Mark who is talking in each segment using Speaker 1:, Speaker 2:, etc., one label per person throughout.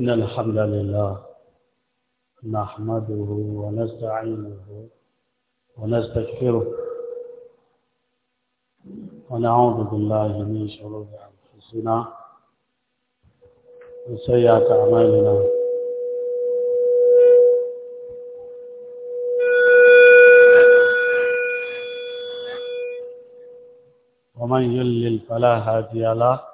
Speaker 1: إن الحمد لله نحمده ونستعينه ونستغفره ونعوذ بالله من شرور أنفسنا وسيئات أعمالنا ومن يلل فلا هادي له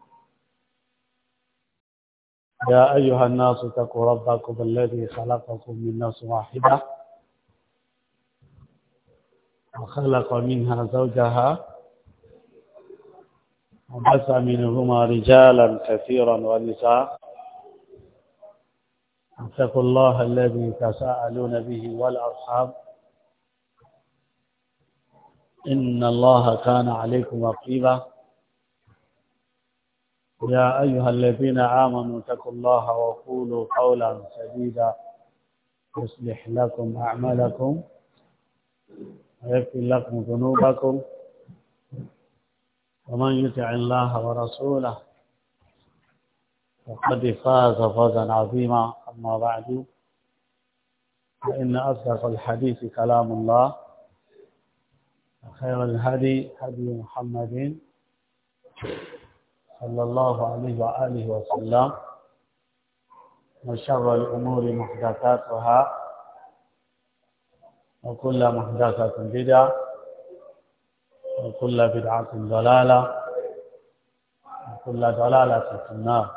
Speaker 1: يا أيها الناس اتقوا ربكم الذي خلقكم من نفس واحدة وخلق منها زوجها وبث منهما رجالا كثيرا ونساء اتقوا الله الذي تساءلون به والأرحام إن الله كان عليكم رقيبا يا أيها الذين آمنوا اتقوا الله وقولوا قولا سديدا يصلح لكم أعمالكم ويغفر لكم ذنوبكم ومن يطع الله ورسوله فقد فاز فوزا عظيما أما بعد فإن أصدق الحديث كلام الله وخير الهدي هدي محمد صلى الله عليه وآله وسلم وشر الأمور محدثاتها وكل محدثة بدعة وكل بدعة ضلالة وكل ضلالة في النار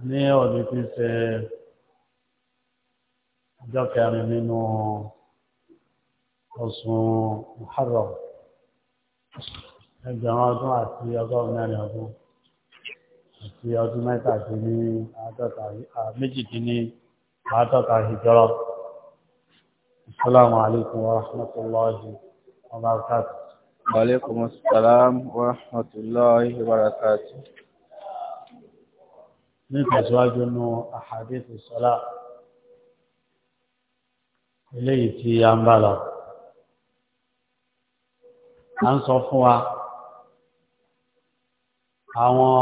Speaker 1: نيو ọdún جوكا منو أصو محرم ẹgbẹ̀rún ọdún àti ọgọ́rùn-ún mẹ́rin ọdún àti ọdún mẹ́tàdínní méjìdínní àádọ́ta ìjọrọ. Assalamu alaikum wa rahmatullahi wa barakatuh. Wa alaikum wa rahmatullahi wa barakatuh. Ní ìtẹ̀síwájú nu àhàdí ìfòsọ́lá, eléyìí tí a ń bá lọ à ń sọ fún wa àwọn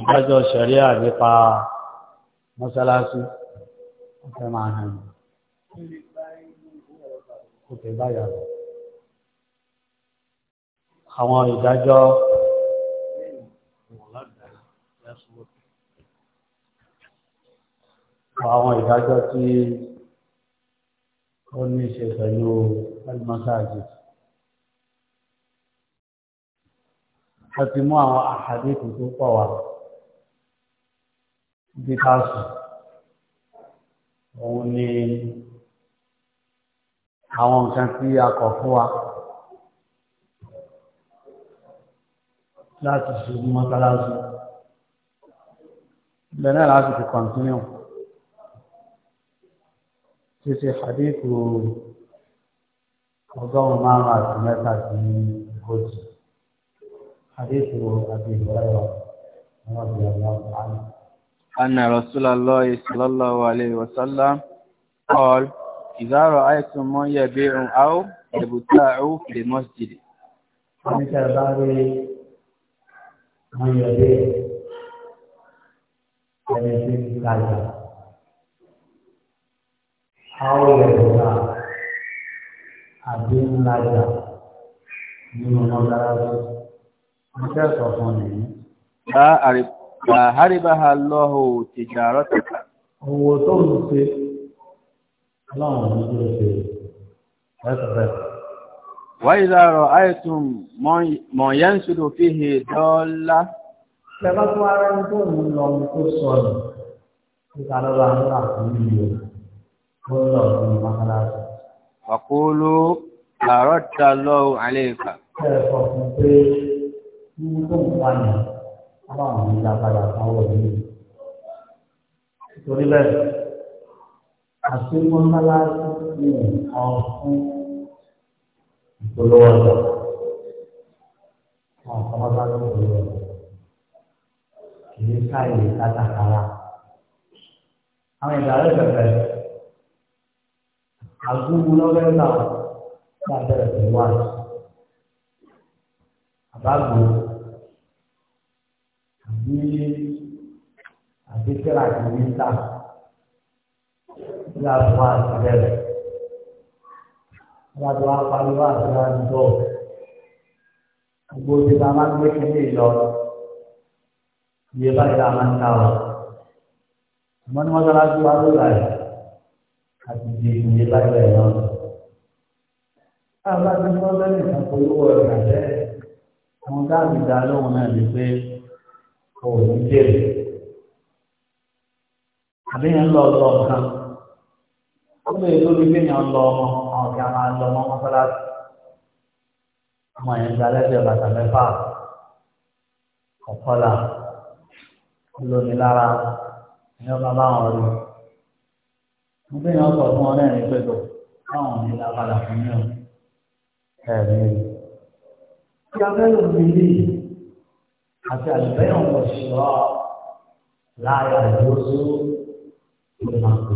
Speaker 1: ìdájọ́ ṣẹ̀ríà nípa mọ́sálásí ọ̀fẹ́ máa hàn mí. Ó báyà lọ. Àwọn ìdájọ́ àwọn ìdájọ́ tí ó ní ṣe pẹ̀lú ẹlmọ́sáàjì. wọ́n ti mú àwọn àhàdìkù tó pọ̀ wá bí ká sùn òun ni àwọn nǹkan tí a kọ̀ fún wa láti ṣe mọ́sálásí bẹ́ẹ̀ náà láti fi kọ̀ǹtínú títí àdínkù ọgọ́rùn-ún márùn-ún àti mẹ́ta sí ogójì. حديث أبي هريرة رضي الله عنه أن رسول الله صلى الله عليه وسلم قال إذا رأيتم من يبيع أو يبتاع في المسجد أنت باري من يبيع فليسيب كذا أو يبتاع أبين لذا من مدرسة Iṣẹ́ ẹ̀sọ̀ fún nìyí. Àháríbáha lọ́hù ti jàrọ́ tẹ̀ka. Owó tó ń ṣe láwọn ọmọdé ṣe ẹ̀sọ̀rẹ̀. Wáyìlá rọ̀ àìtùn mọ̀yẹ́ ń ṣùdò fi hì dọ́lá. Ṣẹ̀bá tó wá ń tó ń lọ tó sọ̀rọ̀. Ṣíkà lọ́wọ́ àwọn àkùnrin yìí ó ń lọ nínú tó ń pa yàn ọlọ́run ní lágbára sáwọ́ yìí. Nítorí bẹ́ẹ̀, àṣeyọ́ ńlá ní nǹkan fún ìpolówó ọjọ́. Àwọn ọmọ bá ló wọlé ọ̀rọ̀. Kìí káyè kátàkárà. Àwọn ìdàrẹ́ bẹ̀rẹ̀ àgùnbù lọ́wọ́ náà ní abẹ́rẹ́ pẹ̀lú àṣà. Àbágbó bí àbíkẹ́lá ti ní ta ní àtúwà àtúwẹ̀ rẹ̀ wọ́n ti wá pariwo àtúwà ń bọ̀ gbogbo ti ta máa ń gbé kíní lọ iye báyìí la máa ń ta ọ àmọ́ ní mọ́sálásí wa ló láyé àti di iye báyìí la yọ. Báwo la ti mọ́ lẹ́yìn ìtàn polówó ọ̀rọ̀ àbẹ́ àwọn gáàmì dá lóhùn náà lè pé òní jèrè àbíyàn lọ lọ kan ó lè lórí bíyàn lọ ọmọ ọ̀gá máa lọ ọmọ mọ́sálásí ọmọ yẹn gba lẹ́sẹ̀ bàtà mẹ́fà ọ̀kọ́là lónìí lára ní ọba báwọn rí mo bíyàn sọ fún ọ náà ní pẹ̀lú báwọn ní lápadà fún mi ò ẹ̀ẹ́dẹ́gbẹ̀rún. ìyá fẹ́ lòdì nílé yìí àti àlùbẹ́yà ọ̀pọ̀ ṣùgbọ́n láàyè àdúrósú ìmọ̀tò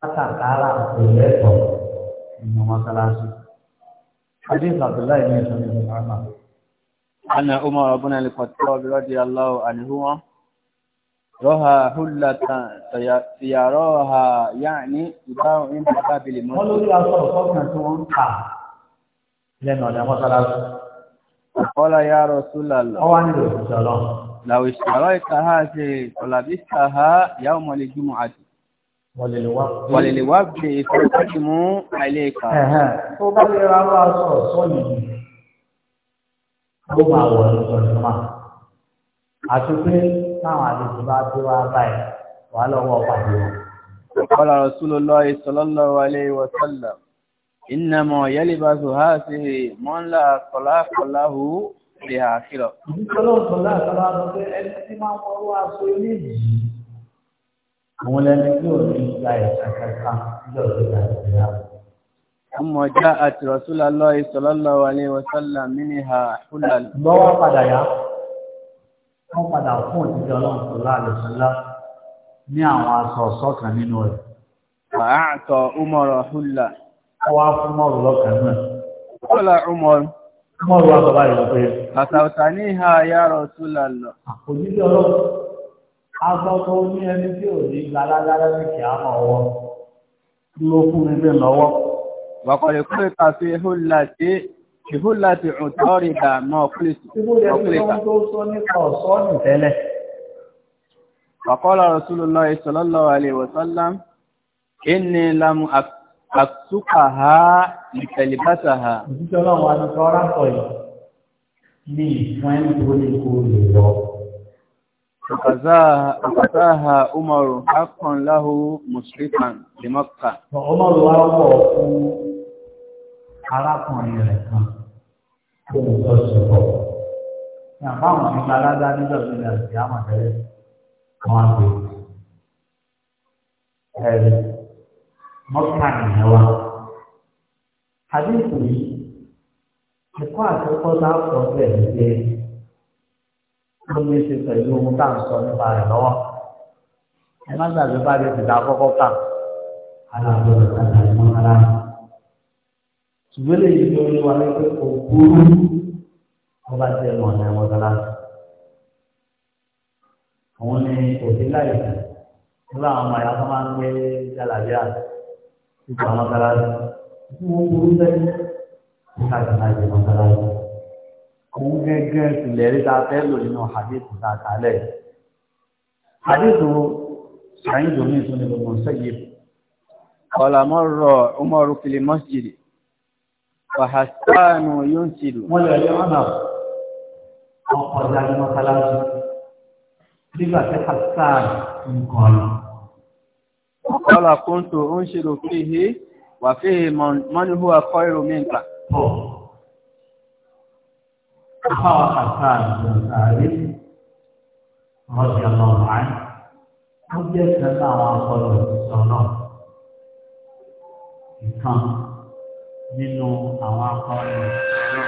Speaker 1: látàkárà òlẹ́tọ̀ nínú mọ́sálásí. حديث عبد الله بن عمر أن عمر بن الخطاب رضي الله عنهما رها حلة سيراها يعني يباع عند باب المسجد. قالوا لي أصلا صوتنا سوى أنت لأنه لا مصر Ọ̀kọ́lá ya Rasulullah. Ọwá nílò ìṣọ́lọ́. Làwọ̀ ìṣàrọ̀ ìkàhá ṣe ọ̀làbí ṣàhá yà ọmọ lè jùmọ̀ àti. Wọ̀lẹ̀lẹ̀ wá bèèrè ìfẹ́ láti mú àìlé ìkà. Tó bá lè ra wá sọ báyìí, wàá lọ́wọ́ pàdé wọn. Ọ̀kọ́lá Rasulullah sallallahu alaihi wa إنما يلبس هذه من لا خلاق له في الآخرة. ثم جاءت رسول الله صلى الله عليه وسلم منها حلل. بوا قد يا wọ́n padà fún òtítọ́ ọlọ́run tó láàlẹ̀ sọ́lá ní àwọn aṣọ ọ̀ṣọ́ kan nínú rẹ̀. wàá àtọ̀ umar hula wá fún mọ́rù lọ́kàn náà. Kọ́lá Umar. Mọ́rù wá bàbá ìlọ pé. Àtàwùtà ní ìhà yàrá túlà lọ. Àkòjíjọ́ ọlọ́run. Agbọ́tọ̀ ní ẹni tí ò ní gba lágbára ní kì á mọ̀ ọwọ́. Dúró fún mi bẹ́ẹ̀ lọ́wọ́. Wàkọ̀lẹ̀ àtúkàhá ìtẹ̀lẹ̀bátàhá. Òjíṣẹ́ ọlọ́run àti ọ̀rá sọ yìí ní ìfún ẹni lè lọ. Òkàtáhà Umaru Akon Láhú Mùsùlùmán lè Mọ́kà. Umaru wá wọ̀ fún arákùnrin rẹ̀ kan tó ń Ní àbáwọn aládá mọ́tà nìyẹn wa àdéhùn yìí ẹ̀kọ́ àkọ́kọ́ tá a sọ bẹ́ẹ̀ ni pé ó ní ṣe pẹ̀lú ohun tá à ń sọ nípa rẹ̀ lọ́wọ́ ẹ má gbàgbé bá lè fìdá kọ́kọ́ kà aláàbò ìtajà ìmọ̀ ara ṣùgbọ́n lè ló ní wa ní pé kò burú wọ́n bá jẹ́ ẹnu ọ̀nà ẹ̀wọ̀n dára òun ni òfin láì sùn nígbà àwọn ọmọ ìyá tó máa ń gbé jàlàbíà nípa mọ́sálásí tí wọ́n burú bẹ́ẹ̀ nípa ìsìnàjò mọ́sálásí. òun gẹ́gẹ́ ìpìlẹ̀ rí ta fẹ́ lò nínú hadith ta kálẹ̀. hadith sàyìn dùn ní ìtúni gbogbo sẹ́yìn. ọ̀là mọ́ rọ umaru kìlì mọ́sídìí wàhásánù yóò ń ṣìlù. wọ́n lè rí ọ̀nà ọkọ̀ nígbà tí hasan ń kọ́ ọ Kọ́lá kún tó ń ṣe lò fi hé wà fi hé mọ́ni hó akọ́ èrò mi nkà. Káwà kàkà àgbàrí, rọ́bì ọlọ́run àí, ó jẹ́ kẹta àwọn akọ́lọ̀ sọ̀rọ̀. Ìkan nínú àwọn akọ́lọ̀ sọ̀rọ̀.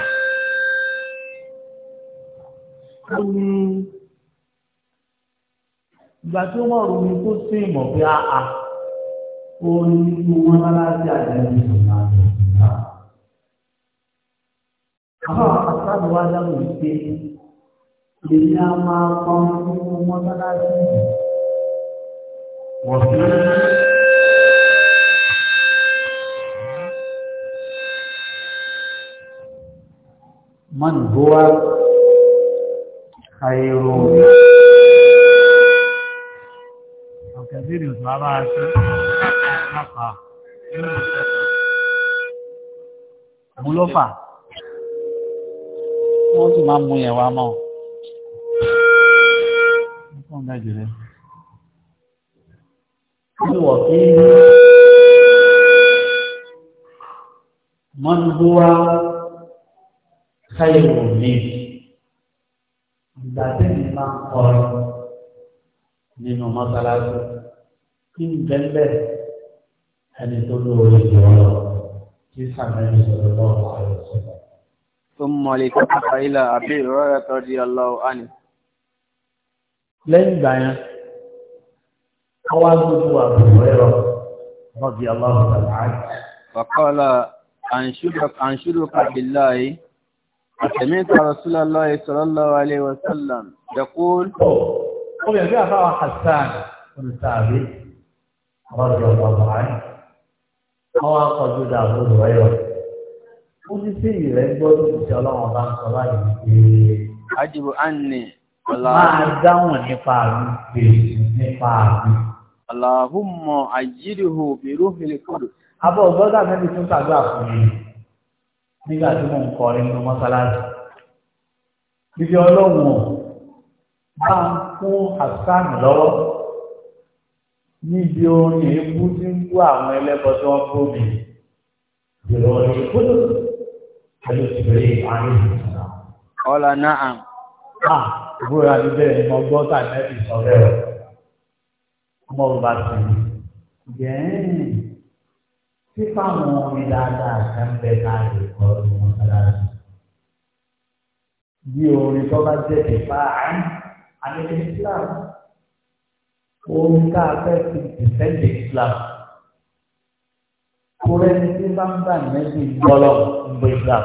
Speaker 1: Ó ìgbà tí wọ́n rò ní kó sí ìmọ̀ bí a ó ní kí wọ́n bá láti àjẹ́bí ìrìnà àjọ ìgbà. Àwọn àpàtàkì wá dáhùn wípé èyí á máa pọn nínú wọn bá láti ìrìnà. Wọ́n fi من هو خير أو كثير يسمع àpá mú ló fà wọ́n sì máa mú yẹn wá mọ́ wọ́n dájú rẹ̀ kí wọ́n fi mọ́nbúwá káyọ̀ mi ìgbà tẹ́lẹ̀ máa ń nínú mọ́sálásí kí n bẹ́ẹ̀ bẹ́ẹ̀. ثم لتقف إلى أبي هريرة رضي الله عنه لن بعيا قوانه أبو هريرة رضي الله تعالى عنه فقال أنشدك أنشدك بالله سمعت رسول الله صلى الله عليه وسلم يقول قل يا حسان بن ثابت رضي الله عنه àwọn akọ̀jú dà fún ìwé rẹ̀. ó ti sí ìrẹ́ gbọ́dọ̀ ìṣẹ́ ọlọ́run bá ń sọ báyìí pé. àjùbọ̀ á nì. máa dáhùn nípa àmì bèrè nípa àmì. Allahumma àjíríhò bèrè òfin kúrò. abọ́ gbọ́dọ̀ mẹ́bí tún tàgbà fún mi nígbà tí mò ń kọrin ní mọ́sálásí. ibi ọlọ́run bá ń fún àṣà mi lọ́wọ́ níbi orin èébú tí ń kú àwọn ẹlẹ́bọ tí wọ́n kó mi. Ìrọ̀lẹ́ ìkúlò pẹ̀lú ìbéèrè àárín ìsìnà. Ọ̀la náà. À ìbúra ní bẹ́ẹ̀ ni mo gbọ́ tàbí sọ bẹ́ẹ̀. Ọmọ òrùba sì ni. Gẹ̀ẹ́n tí fáwọn orin dáadáa kan bẹ káàdì kọ́ ọdún wọn sára. Bí orin tó bá jẹ́ ìfá àárín àdéhùn ìsìlámù orin tá a fẹ́ fi defend Islam kó rẹ́ni tí bá ń bá ìmẹ́sì gbọ́lọ̀ ń gbé Islam.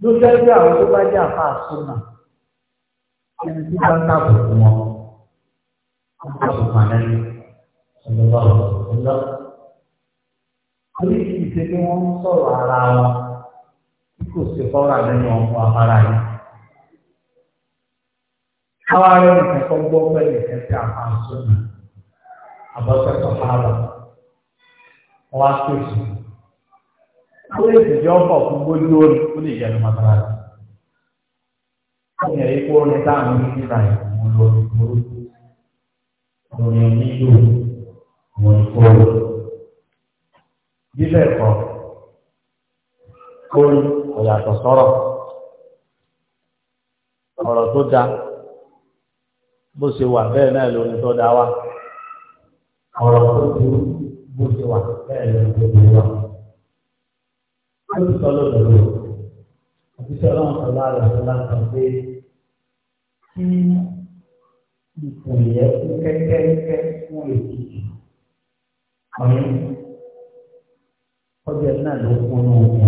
Speaker 1: ló jẹ́ bí àwọn tó bá jẹ́ àfa àsúnà ẹni tí bá ń tàbí wọn ń tàbí fún àlẹ́lẹ́ ọ̀dọ́gbà ọ̀dọ́. oríṣiríṣi ni wọ́n ń sọ̀rọ̀ ara wọn tí kò sí fọ́ra nínú ọmọ afárá yìí káwá rẹ nìkan kọ́ gbọ́ pẹ̀lú ẹ̀kẹ́ tí a máa ń sọ ní àbọ̀sẹ̀sọ̀ hàrà wọ́n á tó èsì. Àwọn èsì jẹ́ ọ̀pọ̀ fún gbójú orí ó lè yẹnu mọ́tara rẹ̀. Àwọn èyí kó orin táwọn oníṣẹ́ ìlà ìwọ̀n lórí lórí lórí nílò àwọn ìkóró. Bíbẹ̀ kọ́ orin kò yàtọ̀ sọ́rọ̀. Ọ̀rọ̀ tó dáa bó ṣe wà bẹ́ẹ̀ náà lórí tó dá wa. ọ̀rọ̀ tó ju bó ṣe wà bẹ́ẹ̀ lórí tó dá wa. wọ́n ti sọ lọ́dọ̀ọ́dọ̀ òṣìṣẹ́ ọlọ́run sọ̀rọ̀ àlọ́ láti pé kí ipò yẹ kú kẹ́kẹ́kẹ́ fún èkìtì ọ̀yẹ́ ọjọ́ náà ló kún ní òkú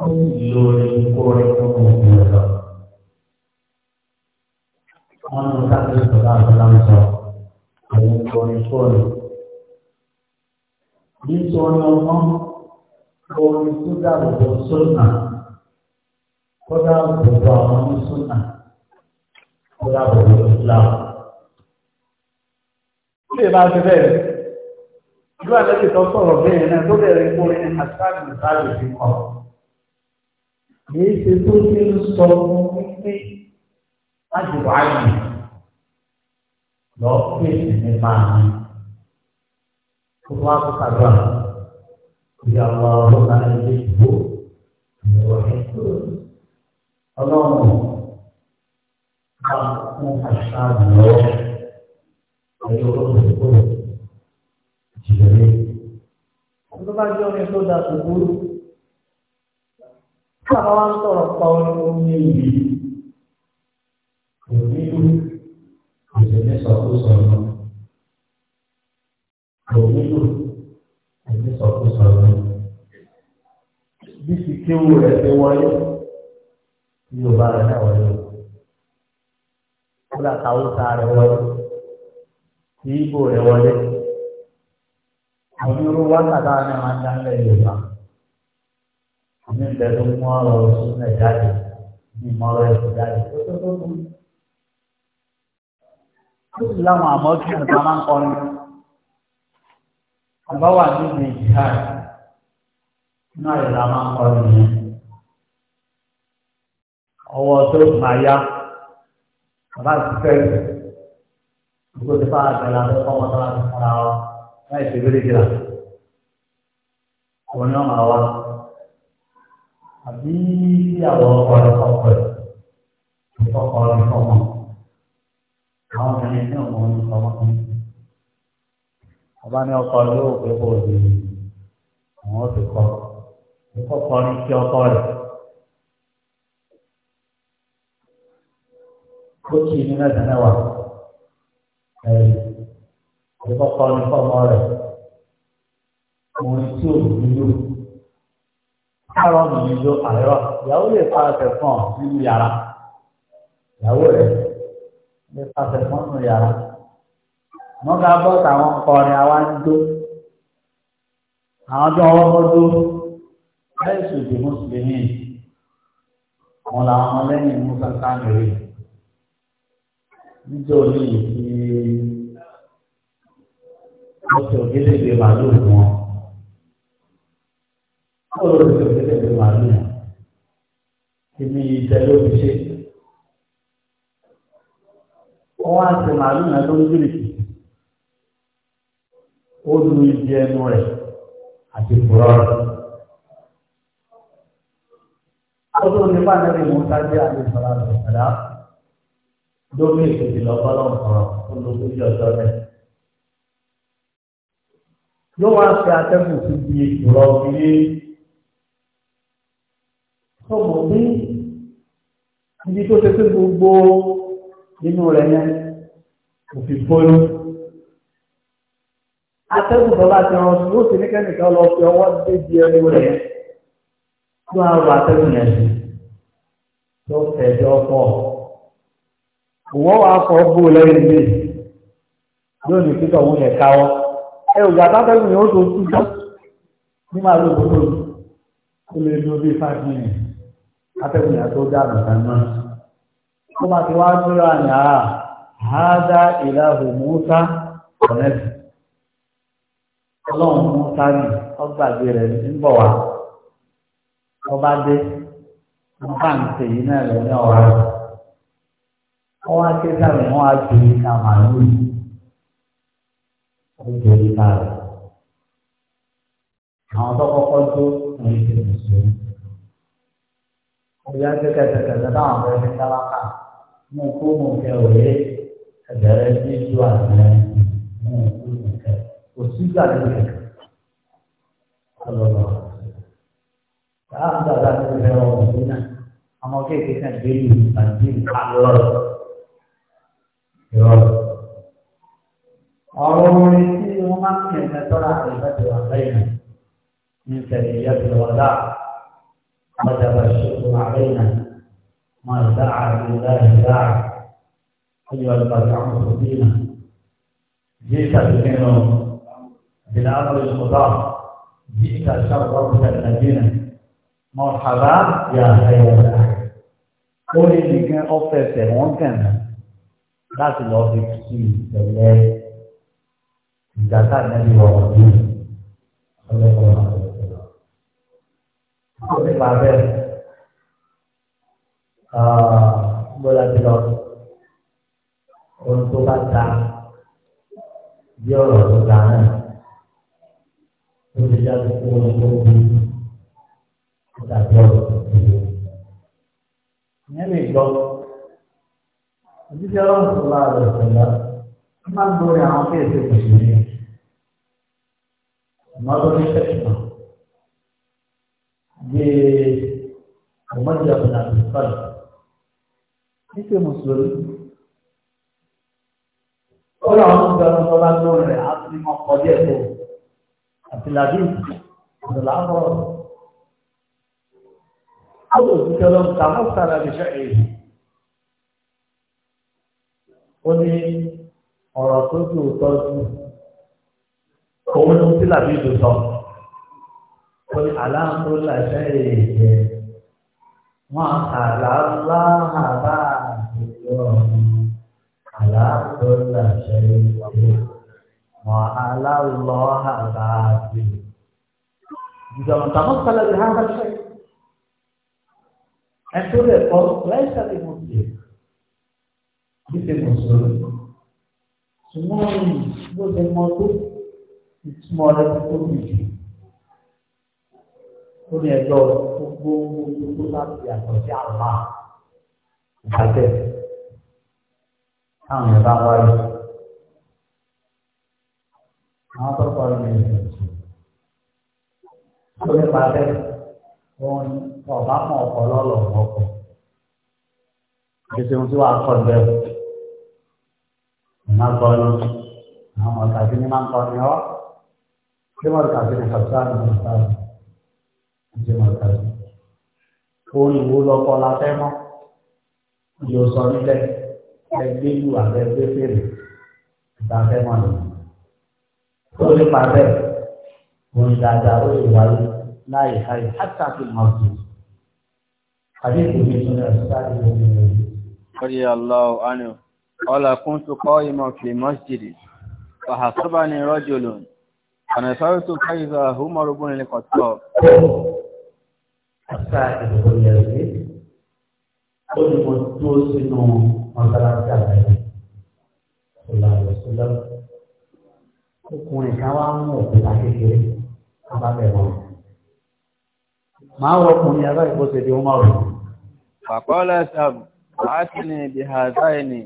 Speaker 1: ọ̀hún lórí kó rẹ̀ kún ní òkú ọ̀hún wọn ló sáré sọ̀rọ̀ àbúrò sọ àwọn ìkọrin kọrin. nítorí ọmọ orin tó dàbò sọ́nà kó dàbò bò àwọn sọ́nà kó dàbò bò ìlà. ó lè máa fi bẹ́ẹ̀ ìlú àlejò tó sọ̀rọ̀ bẹ́ẹ̀ náà tó bẹ̀rẹ̀ kórin ní àtàlù ìtàlù ìfikọ̀. kì í ṣe tó ti ń sọ fún wípé ájùbọ̀ ayọ̀ lọ fèsì nípa mi tó wá kó kàdúrà ìyá wa ọlọ́ka ilé ìbò ìyẹ̀wò ẹ̀kọ́ ọlọ́run bá fún àṣà lọ ayé olóòtú kó jìbẹ̀rẹ̀. Àwọn bá jẹ́ orin tó da tó burú. Káwọn wá ń sọ̀rọ̀ pa orin omi yìí òmìnú òṣèlú sọkúsọ lọ òmìnú òṣèlú sọkúsọ lọ bí ti kéwù rẹ ti wọlé ní yorùbá rẹ náà wọlé o kódà káwùsà rẹ wọlé tí ibo rẹ wọlé àwọn irú wákàtà ni wọn dá lẹ yorùbá àmì ìbẹ̀rù mọ́ ọ̀rọ̀ sínú ẹ̀ jáde ní mọ́ ọ̀rọ̀ ẹ̀ jáde tó tó tó tó láwọn àmọ́ kí máa ń kọrin àbá wà nínú ìjìká inú àyè máa ń kọrin yẹn ọwọ́ tó máa yá bàbá ti fẹ́ gbogbo ti fa àgbẹ̀lá tó kọ́ wọn tó láti fúnra wa láì fi lórí ìlà òun ni wọ́n máa wá àbí ìyàwó ọkọ rẹ̀ kọ́kọ́ rẹ̀ kọ́kọ́ rẹ̀ kọ́kọ́ àwọn ọba ní ọkọ yóò gbé bò ní àwọn òbí kọ ìkọkọ ní kí ọkọ rẹ. ó kì í ní mẹ́ta mẹ́wàá ẹ̀yìn ìkọkọ ní fọmọ rẹ. òun tí òun nílò káàrọ̀ mi nílò àríwá ìyàwó lè pa ẹsẹ̀ fún ọ nínú yàrá ìyàwó rẹ̀ lè pàṣẹ mọ́nù yàrá wọ́n ká bọ́ táwọn kọrin àwa ń dó àwọn tó wọ́n kọ́ dó láìsù di mùsùlùmí àwọn làwọn ọmọlẹ́yìn musa kánìrì nítorí ìfi ọ̀sẹ̀ ògèdèdè màlúù fún wọn. Báwo ló ti ọ̀gẹ̀dẹ̀ màlúù yẹn? Èmi ìtẹ̀lé òfìṣẹ́ ọwọ́ àti màálù náà ló ń gírìsì ó lu ibi ẹnu rẹ̀ àti fúrọ́ rẹ̀. Àwọn onípa nàbí Musa jẹ́ àdìsọ́lá rẹ̀ padà lórí ìpèsè lọ́gbọ́lọ́ ọ̀rọ̀ tó lóko sí ọjọ́ rẹ̀. Yóò wá ṣe atẹ́gùn sí ibi ìrọ̀ òkèlè. Sọ̀rọ̀ ní ibi tó ṣe pé gbogbo nínú rẹ̀ yẹn kò fi bóyó. atẹ́gùn tó bá ti rán sí ó sì ní kẹ́nìkan lọ fi ọwọ́ débi ẹnu rẹ̀ yẹn tó á rọ atẹ́gùn yẹn sí tó fẹ̀jọ́ pọ̀. òwò wa fọ bó lẹ́yìn mi yóò ní títọ̀ òun yẹn káwọ́ ẹ ò gbà atẹ́gùn yẹn ó tó tún jọ ní màá lò bó lò ó lè lo bí five minutes atẹ́gùn yẹn tó dáàbò kan náà ó máa ti wá múra ní àá àádá ìlàhù Mùsá kọ̀nẹ́tì ọlọ́run Mùsá ni ọgbàgbé rẹ̀ ń bọ̀ wá ọba dé nípa nǹkan èyí náà lọ ní ọ̀rá wọn wá ké sáré wọn á ju ìka màlúù ó ju ìka rẹ̀ àwọn tó kọ́kọ́ tó wọn ti mùsùlùmí. Ìyá ń gbé kẹsẹ̀kẹsẹ̀ náà àwọn ẹni sábà ká. Muka muka oleh Dari si suara Muka muka Usika dia Kalau Allah Tak ada tak ada Kalau Allah Kita Amal ke kita Bili Bantin Kalau Kalau Allah Mereka Umat Kita Tolak Kita Tolak Kita Tolak Kita Tolak Kita Tolak Kita Tolak Kita Tolak ما دعا لله داع أيها القادعون فينا جئت بكنهم بالأمر المضاف جئت شرفت المدينة مرحبا يا خير الأهل قولي لك أوفر سيرون كان láti lọ fi kí ìtẹ̀lẹ́ ìdáká nẹ́bí ọ̀rọ̀ bí ọlọ́pàá ọ̀rọ̀ ọ̀rọ̀ nípa bẹ́ẹ̀. Ah, bọ́lá ti untuk baca tó bá ta untuk ọ̀rọ̀ tó ta náà ó ti dájú pé ohun tó bí ó tàbí ọ̀rọ̀ tó ti lọ. ìyẹn lè gbọ́ ojúṣe ọlọ́run tó bá rẹ̀ sọ̀lá ó máa níṣẹ mùsùlùmí ó lọ àwọn ọmọ ọmọ ọlá rẹ á ti mọ kọjá ẹ̀tọ́ àti làbí àdùlá ọ̀rọ̀ àwọn òṣìṣẹ́ lọ tàbí sára lè ṣe èyí ó ní ọ̀rọ̀ tó ti òótọ́ a. يوم على كل شيء وعلى الله العظيم إذا من تمثل بهذا الشيء أن تقول ليس بمسلم مثل مسلم Semua ini, semua semua itu, semua ada tutup biji. Itu ni ada, tunggu, tunggu, tunggu, tunggu, tunggu, tunggu, tunggu, tunggu, táwọn èèyàn bá wáyé àwọn tó kọ́ ní ẹ̀sìn tó nípa bẹ́ẹ̀ wọ́n ọ̀bá mọ̀ ọ̀kọ́ lọ́lọ́ ọ̀kọ́ èsì ohun tí wàá kọ́ bẹ́ẹ̀ ìmá gbọ́ ló àwọn ọmọ tàbí ní máa ń kọ́ ni ọ́ ṣé wọ́n tàbí ní kàtúrà ní ìta ṣé wọ́n ẹgbẹ́ ìlú àbẹ ẹgbẹ́ fèrè ìgbàfẹ́ máa lò. tó nípa bẹ́ẹ̀ òun dáadáa ó lè wáyé láì háì hátà fi máa jù. àbí kò ní sọ ẹ̀sọ́ láti lè ní ìlú. Kọ́lé Allahu Anu, ọ̀là kún tó kọ́ ìmọ̀ fi mọ́sídìí. فحسبني رجل فنفرت فإذا عمر بن الخطاب السائل بن يزيد قل مدوس نوم mọ́sálásí àgbáyé ọ̀la ọ̀sọ́lá ọkùnrin kan wá mú òkúta kékeré abábẹ́ wọn. máa wọ ọkùnrin yàrá ìkóso di ọmọ rẹ. fàkọ́lá sam àásìní bí hazaini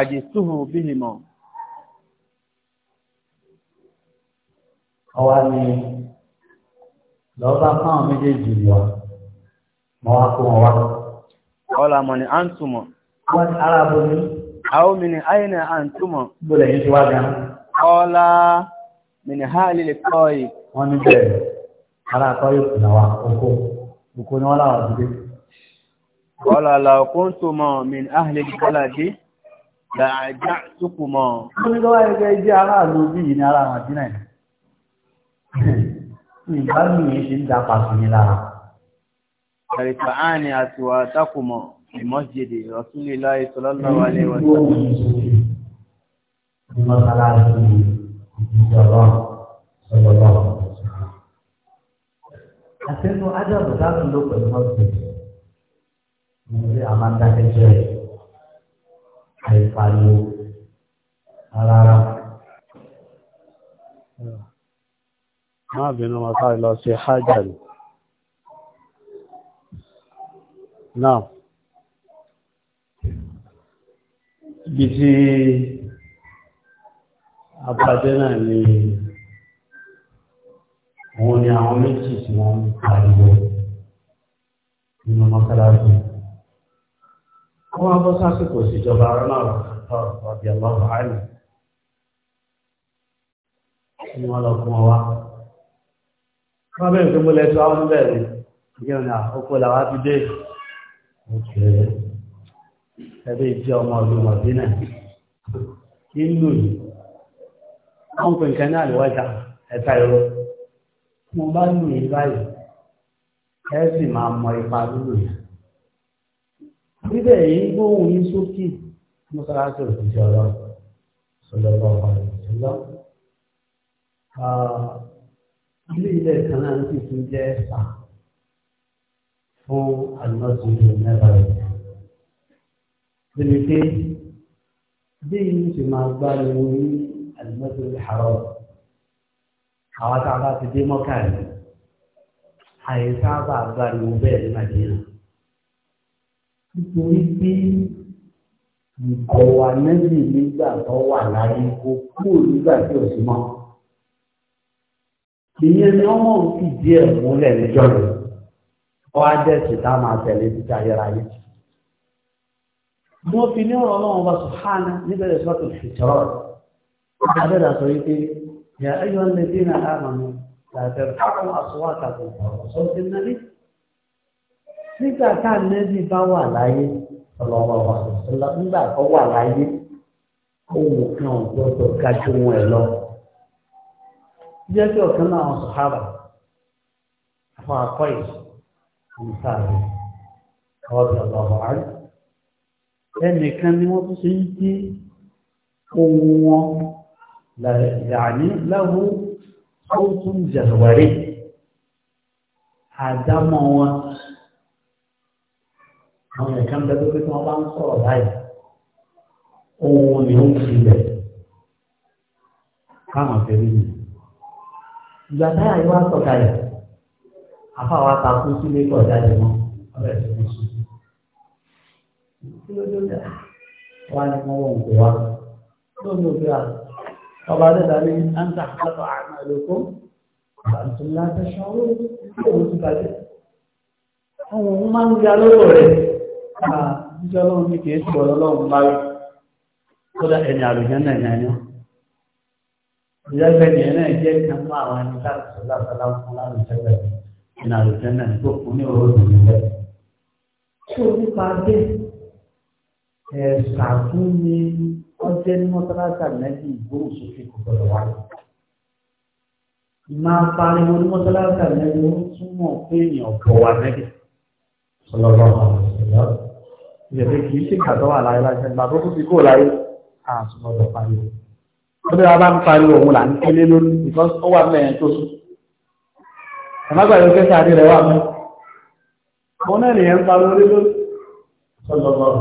Speaker 1: àjẹsùhù bíhìmọ̀. ọwá ni lọ́ọ́ bá fáwọn méjèèjì yọ mọ́ wá kó wọn wá. Ọlá mọ̀ ni a ń túmọ̀. Wọ́n ara bò ní. Àwọn mi ni ayé ni a ń túmọ̀. Bọ́lá yìí ti wá gan. Ọlá mi ni háàlì lè kọ́ yìí. Wọ́n ní bẹ̀rẹ̀. Ara kọ́ yóò kùnà wa oko. Oko ni wọ́n láwọn dìde. Ọlá làókó ń túmọ̀ mi ni áhìlì kọ́lá dé. Làájá túkùmọ̀. Wọ́n ní lọ́wọ́ ẹgbẹ́ jẹ́ aráàlú bí yìí ni ara àwọn yìí. Ìbámu yìí ti ń da pàṣẹ ní lára àrìfàáni àti wà tákùmọ̀ ìmọ́jèdè Rasulullahi sallallahu alaihi wa sallam. Àtẹnu Ádámù dáhùn ló pẹ̀lú mọ́tò. Mo rí Amanda Ẹjẹ́ àìpariwo rárá. Má bínú wọn sáré lọ sí Hájà ni. náà ibi tí abájẹ́ náà ni òun ni àwọn méjì tí wọ́n ń pariwo nínú mọ́sálásí wọ́n bọ́ sásìkò ìṣèjọba aránáwà ọ̀rọ̀bí aláwọ̀ àìlú ni wọ́n lọ fún ọwá wọ́n bẹ̀rẹ̀ tó múlẹ̀ tó àwọn bẹ̀rẹ̀ ìgbẹ̀rẹ̀ àkókò làwá ti dé ẹbí jẹ́ ọmọ ọdún mọ̀dínà nínú yìí wọ́n pè nǹkan náà lọ́jà ẹ̀ta ìró mo bá lù yìí báyìí ẹ sì máa mọ ipa lúlù yìí bíbẹ̀ yìí gbóhùn yín sókè mo sára sí òṣìṣẹ́ ọlọ́run sọlọ́lọ́ ọ̀rọ̀ ìṣúlọ́ ilé ilẹ̀ kan náà ti tún jẹ́ sáà fún àlọ́sìnì mẹ́bàrẹ̀. Bíbi pé bí yìí ti máa gbá lóun ní àlọ́sìnì àárọ̀, àwọn tá a bá ti dé mọ́kà ní àìsáàbà gbá lóun bẹ́ẹ̀ ní Nàìjíríà. Nítorí pé ìkọ̀wà nẹ́bì nígbà tó wà láyé kó kúrò nígbà tí ò sí mọ́. Ìyẹn ni ọmọ òfin díẹ̀ múlẹ̀ níjọ́ rẹ̀ ọwọ́ àjẹsì tá a máa tẹ̀lé títí ayérayé. mo fi ní ọ̀rọ̀ ọlọ́run bá sùhánà níbẹ̀rẹ̀ sọ́tò fìtọ́rọ̀ abẹ́rẹ́ sọ wípé yà ayọ̀ lẹ́dí náà àmàmù làtẹ̀rẹ̀ fáwọn àṣọwọ́ àtàkùn ọ̀rọ̀ sọ́tò nàlẹ́. nígbà tá a nẹ́bí bá wà láyé ọlọ́wọ́ ọ̀sọ̀lá nígbà tó wà láyé ohun kan ò gbọ́dọ̀ jẹ́ kí ọ̀kan náà sọ̀hábà fún àkọ́yè àmúsáàrẹ̀ ọ̀dọ̀ ọ̀bọ̀ àárẹ̀ ẹnìkan ni wọ́n tún ṣe ń jí ohun wọn yàní láwú ọ̀tún jẹ̀wẹ̀rẹ̀ àdámọ̀ wọn àwọn ẹ̀kan bẹ́ẹ̀ pé wọ́n bá ń sọ̀rọ̀ báyìí ohun ni ó ń fi káwọn fẹ́rẹ́ nìyí ìgbà táyà yóò wá sọ̀kalẹ̀ afáwa ta kú sílé kọ̀ jáde mọ́ ọbẹ̀ tó ń sùn. kí ló dé dà wá ní wọ́n wọ̀ nǹkó wa lóòótọ́ òkè wa ọba dẹ́ta ní àǹtà àlọ́ àmà ìlòkó àǹtùm láti ṣọ́wó ìdí òun ti bàjẹ́. àwọn ohun máa ń ya lọ́wọ́ rẹ̀ ká jíjọ́ lọ́wọ́ ní kìí sọ ọlọ́run bá kódà ẹni àlùjẹ́ náà ní àná. ìyá ìgbẹ́ni ẹ̀ náà jẹ́ ìkànnì àwọn ẹni láti sọ ìnà àlùjẹ́nà tó oní ọ̀rọ̀ tó ní bẹ́ẹ̀. tó nípa bẹ́ẹ̀ ẹ̀ ṣàfún mi ọjẹ́ ní mọ́tàlásà nẹ́bí ìgbóhùn sókè kò gbọdọ̀ wáyé. máa pariwo ní mọ́tàlásà nẹ́bí ó túmọ̀ pé èèyàn bọ̀ wá nẹ́bí. sọlọ́lọ́ ìyẹ̀dẹ̀ kì í ṣe ìgbàdọ́ wà láyé láyé ìgbà tó kún sí kó láyé àtúnọ̀dọ̀ pariwo. ó dé wa bá ń pariwo òun là ń kélé lónìí because ó wà mẹ́rin tó sùn ẹ̀mọ́gbàdé pé sáré rẹ̀ wà mú òun náà nìyẹn ń parí orí lórí sọ́lọ́lọ́rọ̀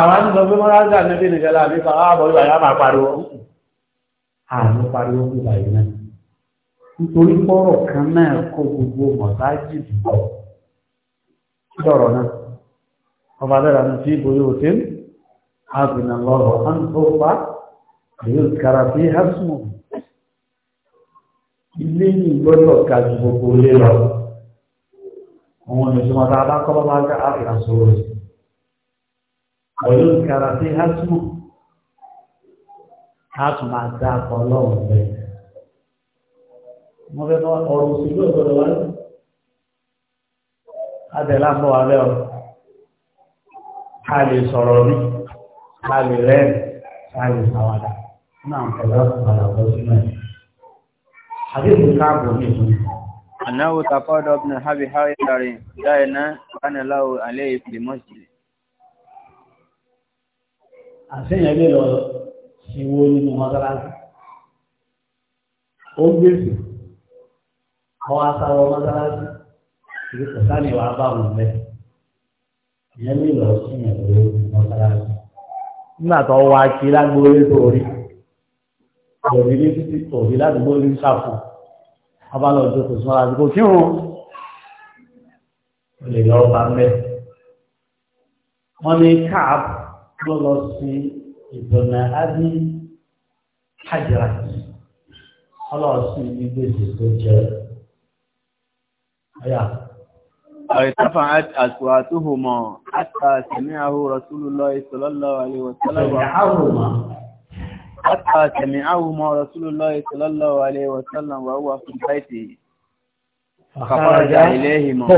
Speaker 1: àwọn àti sọ pé mọ́ra ń dàbí bí nìkan láàbí pa ààbọ̀ ah, ìwà yá máa pariwo àmú pariwo bí ìwà yìí náà nítorí pọ́rọ̀ kan náà kó gbogbo mọ̀tájì dùbọ̀ dọ̀rọ̀ náà ọba dára ní tí ìbò yóò tẹ́ àgbìnà lọ́rọ̀ á tó pa yóò kára hásùmù ilé ní ìgbọ́dọ̀ ga ju gbogbo ilé lọ. Àwọn ìṣúná tá a bá kọ́ bá rẹ̀. sí Hásùmù, a máa dá akọ lọ́wọ́ rẹ̀. Wọ́n fẹ́ fọ́ ọ̀rọ̀ òṣèlú wá Adẹ̀lá ń bọ̀ A lè sọ̀rọ̀ rí, a lè a حديث كعب ومثله أنه تقاد ابن أبي حيدر دائنا كان له عليه في المسجد àṣẹ́yìn ẹgbẹ́ lọ ṣíwó nínú mọ́sálásí ó gbèsè àwọn asáwọ mọ́sálásí ìdí kò sáni wàá bá wọn bẹ ìyẹn lè lọ ṣíyàn lórí mọ́sálásí nígbà tó wá kí lágbóore tó rí òbí ní títí òbí ládùúgbò ní sáfù abálọ́dún kò sún aládùúgbò kí wọn lè lọ bá mẹ́. wọ́n ní káàb ló lọ sí ìbọnà ádì hajjara ọlọ́ọ̀sì ní gbèsè tó jẹ́ ọ̀yà. ارتفعت أصواتهما حتى سمعه رسول الله صلى الله عليه وسلم حتى سمعهما رسول الله صلى الله عليه وسلم وهو في بيته فخرج إليهما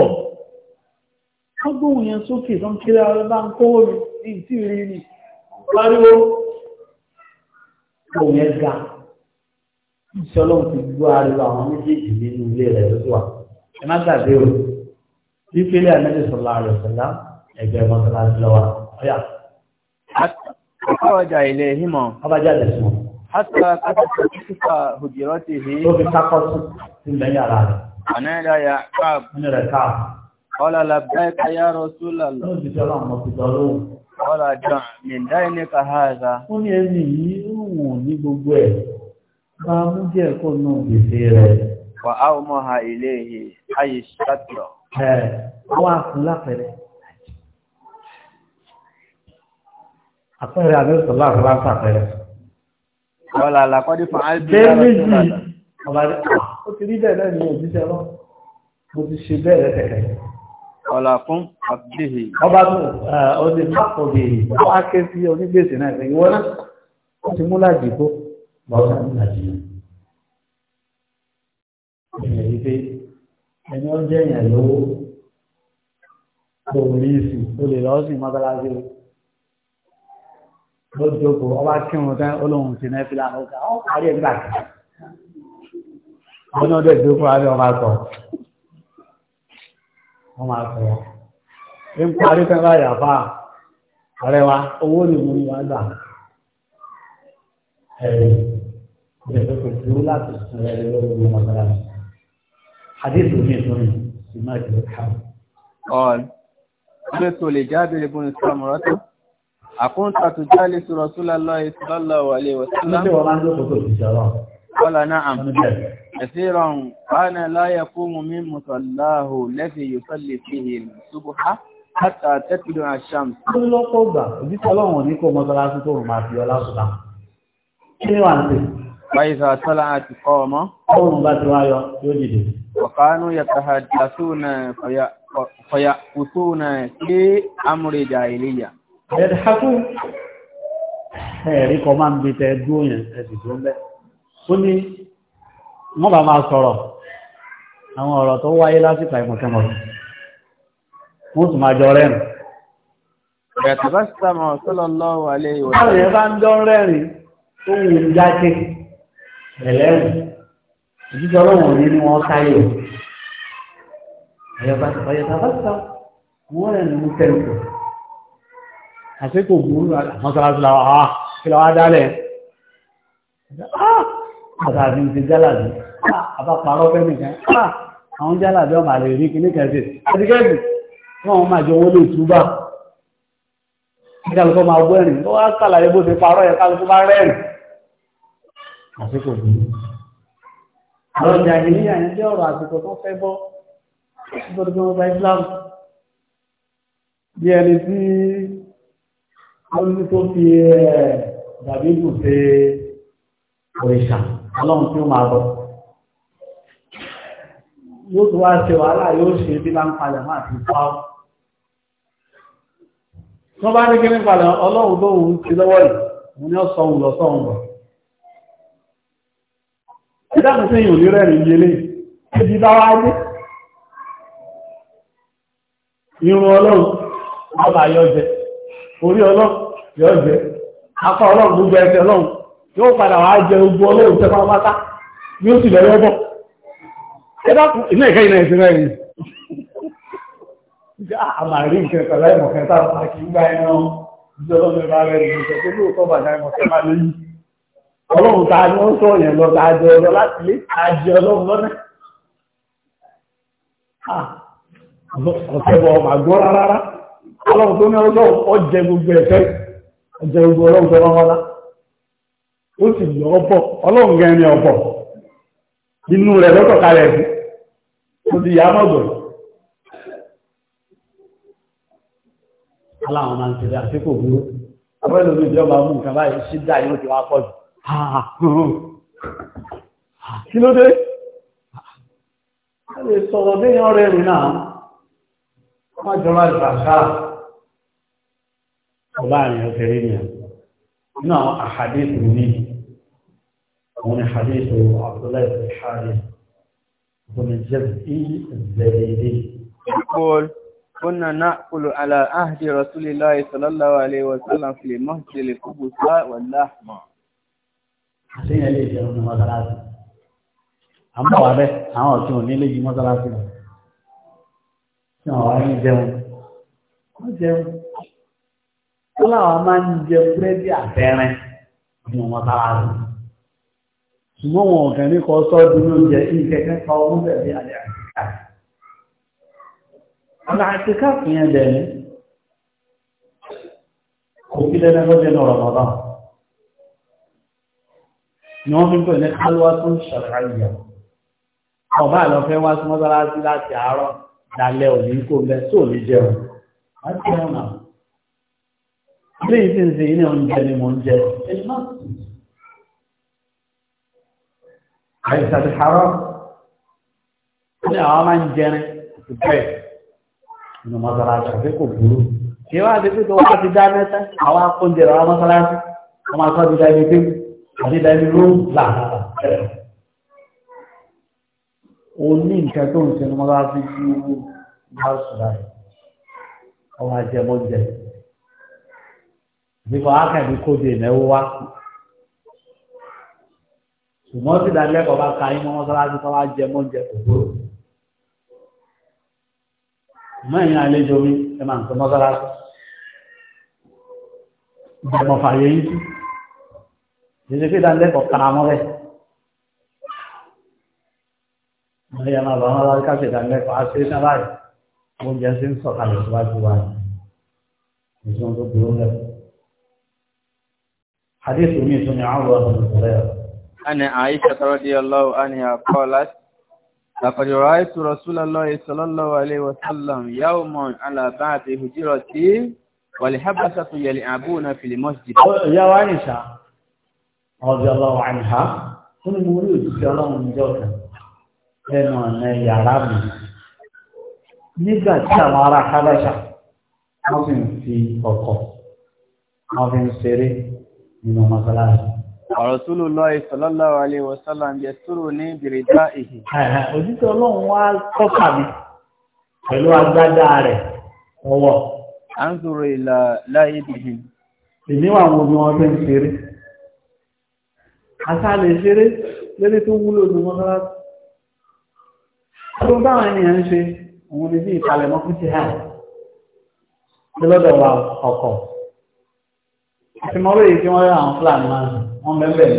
Speaker 1: Agbóhun yẹn sókè tó ń kíra ọ̀rọ̀ bá ń kó orí sí ìtì rí rí pariwo. Òun yẹn ga. Iṣẹ́ ti gbọ́ ariwo àwọn méjèèjì nínú ilé rẹ̀ ló wà. Ẹ má gbàgbé o. Bí Fẹ́lẹ́ Ànábì sọ̀rọ̀ sọ̀lá ẹgbẹ́ mọ́tàlá ti lọ́wọ́. Ọ̀yà faraja ilayhima ọba jáde sí wọn hátà kátàkì kíkà hujratihi tó fi sákọ́ sí ilẹ̀ yàrá rẹ̀ àníra ya káàb qala labbayka ya rasulallah qala da' min daynika hadha ó ní ẹni yìí wù ní gbogbo ẹ̀ bá mú díẹ̀ kó náà gbèsè rẹ̀ wà á mọ́ ha ilayhi ayé ṣàtọ̀ ẹ̀ wọ́n á fún lápẹ̀rẹ̀ àpẹẹrẹ àdéhùsọ̀lá àfọlá ń sàpẹẹrẹ. ọ̀là àlàkọ́dé fún albi méjì ọba ní ah, ó ti rí bẹ́ẹ̀ lẹ́nu òjíṣẹ́ lọ mo ti ṣe bẹ́ẹ̀ lẹ́tẹ̀kẹ́. ọ̀là fún àbíhì. ọba tó ọdẹ pápọ̀ bèèrè ó á ké sí onígbèsè náà ìwọ náà ó ti mú láàjì kó bọ́ọ̀lá ní nàìjíríà. ẹni ó jẹ́ ìyàn rí sí ó lè lọ́ọ́ sí mọ́tàlá ló jókòó ọba kí wọn tán olóhùn sí náà fìlà ọgá ọ parí ẹgbà wọn náà dé jókòó àbí ọba sọ wọn máa sọ ń parí tán bá yàfa ọ̀rẹ́ wa owó ni mo ní wàá gbà ẹ̀rí ìbẹ̀rẹ̀ kò dúró láti sùn rẹ lórí ọmọ ọmọdé حديث من سماك الحمد قال قلت لجابر بن سمرة àkúntà tó jálè sí Rasulullah sallallahu alaihi wasallam. Qala na'am. Kathiran kana la yaqumu min musallahu alladhi yusalli fihi subha hatta tatlu ash-shams. Ó lọ́pọ̀ gbà, òbí tọ́lọ́wọ̀n ní kò mọ́sálásí tó rùn máa fi ọlá sùdá. Kí ni wà ń pè? Báyìísà tọ́lá àti kọ́ ọmọ. Ọrùn bá ti wáyọ yóò dìde. Ọ̀kánú yàtàhàdàsúnà fọyà kùsúnà sí amúrè jàìlíyà ẹ̀dàkú ẹ̀rí kọ máa ń bí tẹ dúó yẹn ẹ̀sì tó ń bẹ́ ó ní wọ́n bá máa sọ̀rọ̀ àwọn ọ̀rọ̀ tó wáyé lásìkò àìmọ̀kẹ́mọ̀rọ̀ wọ́n sì máa jọ rẹ́rìn Ẹ̀tàbásítàmọ̀ sọ́lọ́lọ́wọ́ alẹ́ ìwọ̀n. Àwọn ẹ̀bá ń dán rẹ́rìn tó wù ń jáde ẹ̀lẹ́rìn. Ìjíjọ́ ọlọ́run àti kò burú mọ́sálásí làwọn àá ah, kí lọ wá dálẹ̀ ah, àtàrí ti jálàdì ah, àbáparọ́ fẹ́ nìkan àwọn jálàdì ọmọ àlè rí kí ní kẹsì àti kẹsì wọ́n máa jẹ owó lè túbà kíkàlùkọ́ máa gbọ́ ẹ̀rìn ó wá sàlàyé bó ti parọ́ ẹ̀ kálùkọ́ bá rẹ́rìn àti kò burú
Speaker 2: àwọn ọjà ìníyà
Speaker 1: ń ọ̀rọ̀ àsìkò Islam bí ẹni wọ́n ní tó fi dàbí kù sí òrìṣà ọlọ́run tí ó máa bọ̀. yóò tó wá ṣe wàhálà yóò ṣe bí bá ń palẹ̀ máa ti pa ọ́. tó bá ní kí ní palẹ̀ ọlọ́run lóhun ti lọ́wọ́ yìí mo ní ọ̀sán òun lọ sọ́hun bọ̀. ẹ̀dá kò sí ìyòlú rẹ̀ ní ilé ibi bá wá dé. irun ọlọ́run ọba yọ jẹ. orí ọlọ́run yóò jẹ apá ọlọ́run gbogbo ẹsẹ̀ ọlọ́run yóò padà wá jẹ gbogbo ọlọ́run tẹ́ pátápátá bí ó sì lọ yọ́bọ̀ ẹ dákun iná ìkẹ́ iná ìsinmi àmàrí nǹkan tá a kì í gba ọlọ́run sọ yẹn ọlọ́ láti lé ọlọ́run lọ́nà ọ̀sẹ̀ bọ̀ rárá ọlọ́run tó ní ọlọ́jọ́ ọjẹ gbogbo ẹ̀fẹ́ ọjẹ gbogbo ọlọ́run tó rán wá ó sì yọ ọ̀pọ̀ ọlọ́run gẹ́ ni ọ̀pọ̀ inú rẹ̀ lọ́tọ̀ kalẹ̀ ẹ̀kú ó ti yà á mọ̀gbọ̀ aláwọn máa ń tẹ̀lé àti kò burú abẹ́lẹ̀ omi ìjọba mú nǹkan báyìí sí dáa yóò ti wá pọ̀ jù kí ló dé a lè sọ̀rọ̀ bí yan rẹ̀ rìn náà wọ́n jọra ìgbà sáà ọba àrìn ọ̀fẹ́rẹ́ ni nínú àwọn àhàdéṣù ní àwọn àhàdéṣù Abdullahi ṣáàrí bùnìjẹ́bí zẹ̀rẹ̀dẹ̀ يقول كنا نأكل على عهد رسول الله صلى الله عليه وسلم في المسجد القبص واللحم حسين عليه السلام مدرسة أما وابه أما وكيو نيلي مدرسة أما وابه جيو جيو wọ́n láwọn máa ń jẹ búrẹ́dì àtẹ́rẹ́ ní ọmọ tára rẹ̀ ṣùgbọ́n wọn ọ̀kẹ́ ní kọ sọ́ọ́dún ní oúnjẹ ìkẹ́kẹ́ kọ ọdún bẹ̀rẹ̀ àlẹ́ àtìká ọ̀nà àtìká fi yẹn dẹ̀ ní kò fi lẹ́nu lọ́jọ́ ní ọ̀rọ̀ mọ́tà ni wọ́n fi ń pè ní kálíwá tó ń ṣàlàyé yẹn ọba àlọ́fẹ́ wá sí mọ́sálásí láti àárọ̀ dalẹ́ òní kò lẹ́ tó lè jẹun láti ẹ̀wọ̀n náà Ilé ìdí ń ṣe ní oúnjẹ ni mo ń jẹ. Àìsàn ti harọ́. Ó ní àwọn máa ń jẹrin ìpẹ́ inú mọ́sálásí àti kò burú. Kì í wá ti pípọ̀ wá ti dá mẹ́ta, àwọn akóúnjẹ rẹ̀ wá mọ́sálásí. Wọ́n máa sọ́dún dá ibi pé àti dá ibi rúùn làálàá. O ní nǹkan tó ń ṣe ní mọ́sálásí ju bá sùn láì. Ọmọ ajẹmọ́ jẹ nípa ákàdé kóde ìnáwó wá ṣùgbọ́n tí ìdánilẹ́kọ̀ọ́ bá ka iná mọ́sálásí tó wá jẹ mọ́jẹ kòkó mẹ́yìn àlejò mi ẹ máa ń sọ mọ́sálásí ìgbẹ̀mọ̀ fàyè yín sí ṣe pé ìdánilẹ́kọ̀ọ́ kara mọ́ bẹ́ẹ̀ mẹ́yìn máa bá mọ́sálásí káṣẹ̀ ìdánilẹ́kọ̀ọ́ àṣírí sábàyè oúnjẹ sí ń sọ̀kalẹ̀ síwájú wa ìṣòro tó burú lẹ́kọ̀ọ́. حديث ميت عن الله أن عائشة رضي الله عنها قالت لقد رأيت رسول الله صلى الله عليه وسلم يوما على بعد هجرتي والحبسة يلعبون في المسجد يا عائشة رضي الله عنها كل مولود في الله من جوكا ẹnu ọ̀nà yàrá mi nígbà tí àwọn ará kábàṣà wọ́n fi ń fi ọkọ̀ wọ́n fi ń ṣeré nínú mọ́sálásí. Rasulullah sallallahu alaihi wasallam ń jẹ sórò ní bìrìdá ìhì. Òjíṣẹ́ Ọlọ́run wá kọ́kà mi pẹ̀lú agbádá rẹ̀ ọwọ́. À ń sọ̀rọ̀ ìlà láyé dìbì. Èmi wà wo ni wọ́n fi ń ṣeré. Àṣà lè ṣeré lórí tó wúlò ní mọ́sálásí. Ọdún táwọn ènìyàn ń ṣe, òun ni bí ìpalẹ̀mọ́ fún ti hà. Ṣé lọ́dọ̀ wa ọkọ̀? àti mọ́rọ̀ èyí tí wọ́n rẹ̀ àwọn fúlàní máa wọ́n mẹ́bẹ̀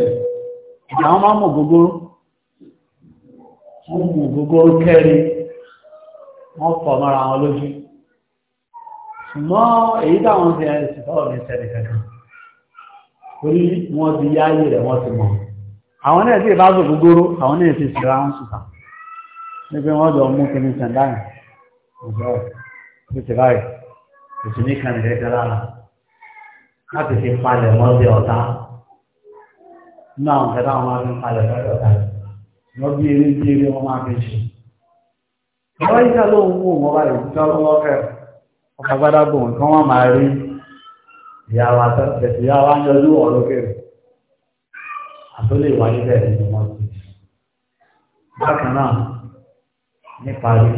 Speaker 1: àwọn máa mọ̀ gbogbo wọ́n mọ̀ gbogbo kẹ́rí wọ́n fọ̀ mọ́ra wọn lójú ṣùgbọ́n èyí táwọn ti ẹ̀rẹ̀ sí fọ́ọ̀ ní sẹ́lẹ̀ kankan torí wọ́n ti yáyé rẹ̀ wọ́n ti mọ̀ àwọn náà sì bá sọ gbogbo àwọn náà sì sì ra wọn sùtà nígbẹ́ wọ́n jọ mú kí ní sẹ̀ndáyìn ọjọ́ ìtìbáyì òtún ní kànìyàn kẹlára láti fi palẹ̀ mọ́sí ọ̀tá nínú àwọn kẹta wọn máa fi palẹ̀ mọ́sí ọ̀tá lọ bí eré bí eré wọn máa fi ṣe. àwọn ìjà ló ń wò wọ́n báyìí òkúta lọ́lọ́kẹ́ ọkọ̀ agbádá bò wọn kí wọ́n máa rí ìyàwó àtẹ̀tẹ̀ ìyàwó àjọyọ̀ wọ̀ lókèrè àtúlẹ̀ ìwáyé bẹ̀rẹ̀ nínú mọ́sí. bákan náà níparí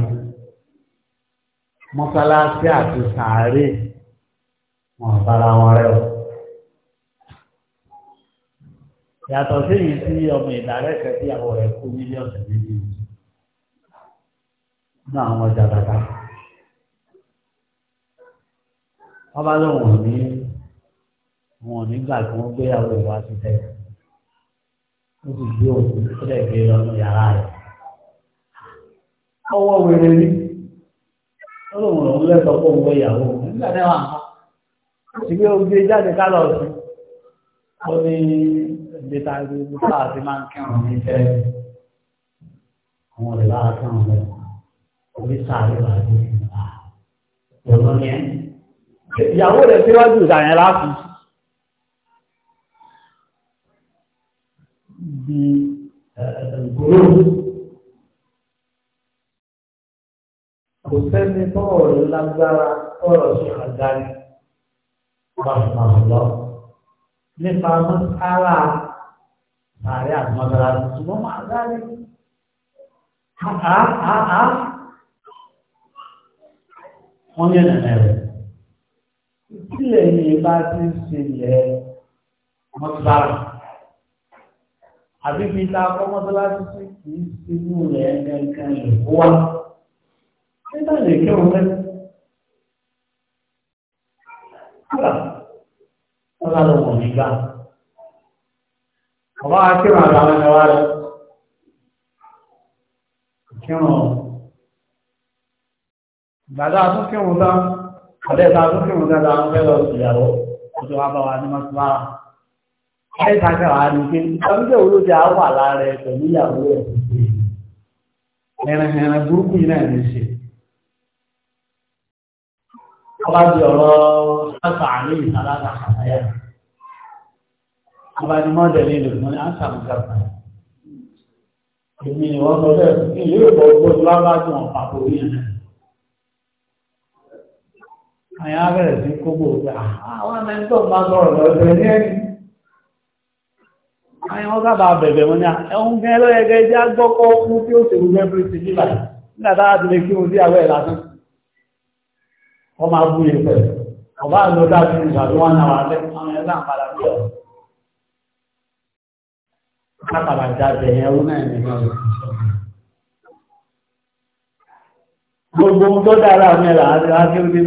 Speaker 1: mọ́sálásí àti sàárè wọn bára wọn rẹ o. yàtọ̀ sí sí ọmọ ìdàrẹ́ kẹtí àwọn rẹ̀ kú mílíọ̀nù méjì nínú àwọn ọjà bàbá. wọ́n bá lóun ò ní wọn ò ní wọ́n gbé àwọn ìwà ti tẹ̀. ó sì gbé òkú tó gbé lọ́nà yàrá rẹ̀. ọwọ́ wẹ̀rẹ̀ ni ó lóun lòún lẹ́sọ̀ọ́ fún òun ìyàwó nígbà náà wà á ìwé ojú jáde kálọ̀ sí ó ní ìgbéta ìlú sáà ti máa ń kírun ní ìfẹ́ àwọn ọ̀rẹ́ lára kírun rẹ̀ orí sáré wà ní ìgbà ọ̀nà ni ìyàwó rẹ̀ síwájú ìdàyẹn láti bí ẹ̀ẹ́dẹ̀gbòrò kò sẹ́ni tọ́ọ̀rọ̀ lágbára tọ́ọ̀rọ̀ sí àdáni rahmanullah nípa mọ́sálà ààrẹ àtúmọ̀sára ṣùgbọ́n máa dáre àá wọ́n ní ẹ̀nà rẹ̀ ìpínlẹ̀ yìí bá ti ń ṣe ilẹ̀ mọ́sálà àbí bí ta kọ́ mọ́sálà ti ṣe kìí sínú rẹ̀ ẹ̀ẹ́dẹ́gbẹ̀rẹ̀ wá nígbà lè kí òun lẹ́sìn wọ́n bá wọ̀ nígbà. Ọba akérò àtàwọn ẹ̀rọ wa rẹ̀. Kírun ìgbàdá tún kírun àdẹ́ta tún kírun tán fẹ́ lọ sí ìyàwó, ọjọ́ wa ní Mọ́sílára. Ẹ̀ta ọba di ọ̀rọ̀ ṣáṣà àlè ìsàlágà àtàyà ọba ni mọ́dẹ̀lì ìlú ní àṣà mọ́gàfà èmi ni wọ́n sọ bẹ́ẹ̀ ní ìlú ìbọ̀ ogbó tí wọ́n bá tún wọn papò rí ẹ̀nà àyà bẹ̀rẹ̀ sí kókó pé ah, àwọn ẹni tó máa sọ̀rọ̀ lọ́dọ̀ ní ẹni àyà wọn sábà bẹ̀bẹ̀ wọn ni ẹ̀hún gẹ́ lọ́yẹ̀gẹ́ jẹ́ agbọ́kọ́ fún tí ó ṣe gbogbo ẹ̀bùrẹ̀ sí nígbà tí wọ́n ti lè kí wọn sí àwẹ̀ lásán ọ máa bú ìfẹ́ ọba àlọ́ dájú wọn náà wà bí ọ̀ jáde náà gbogbo ohun tó dára àwọn àìsà ọlọ́run tàbí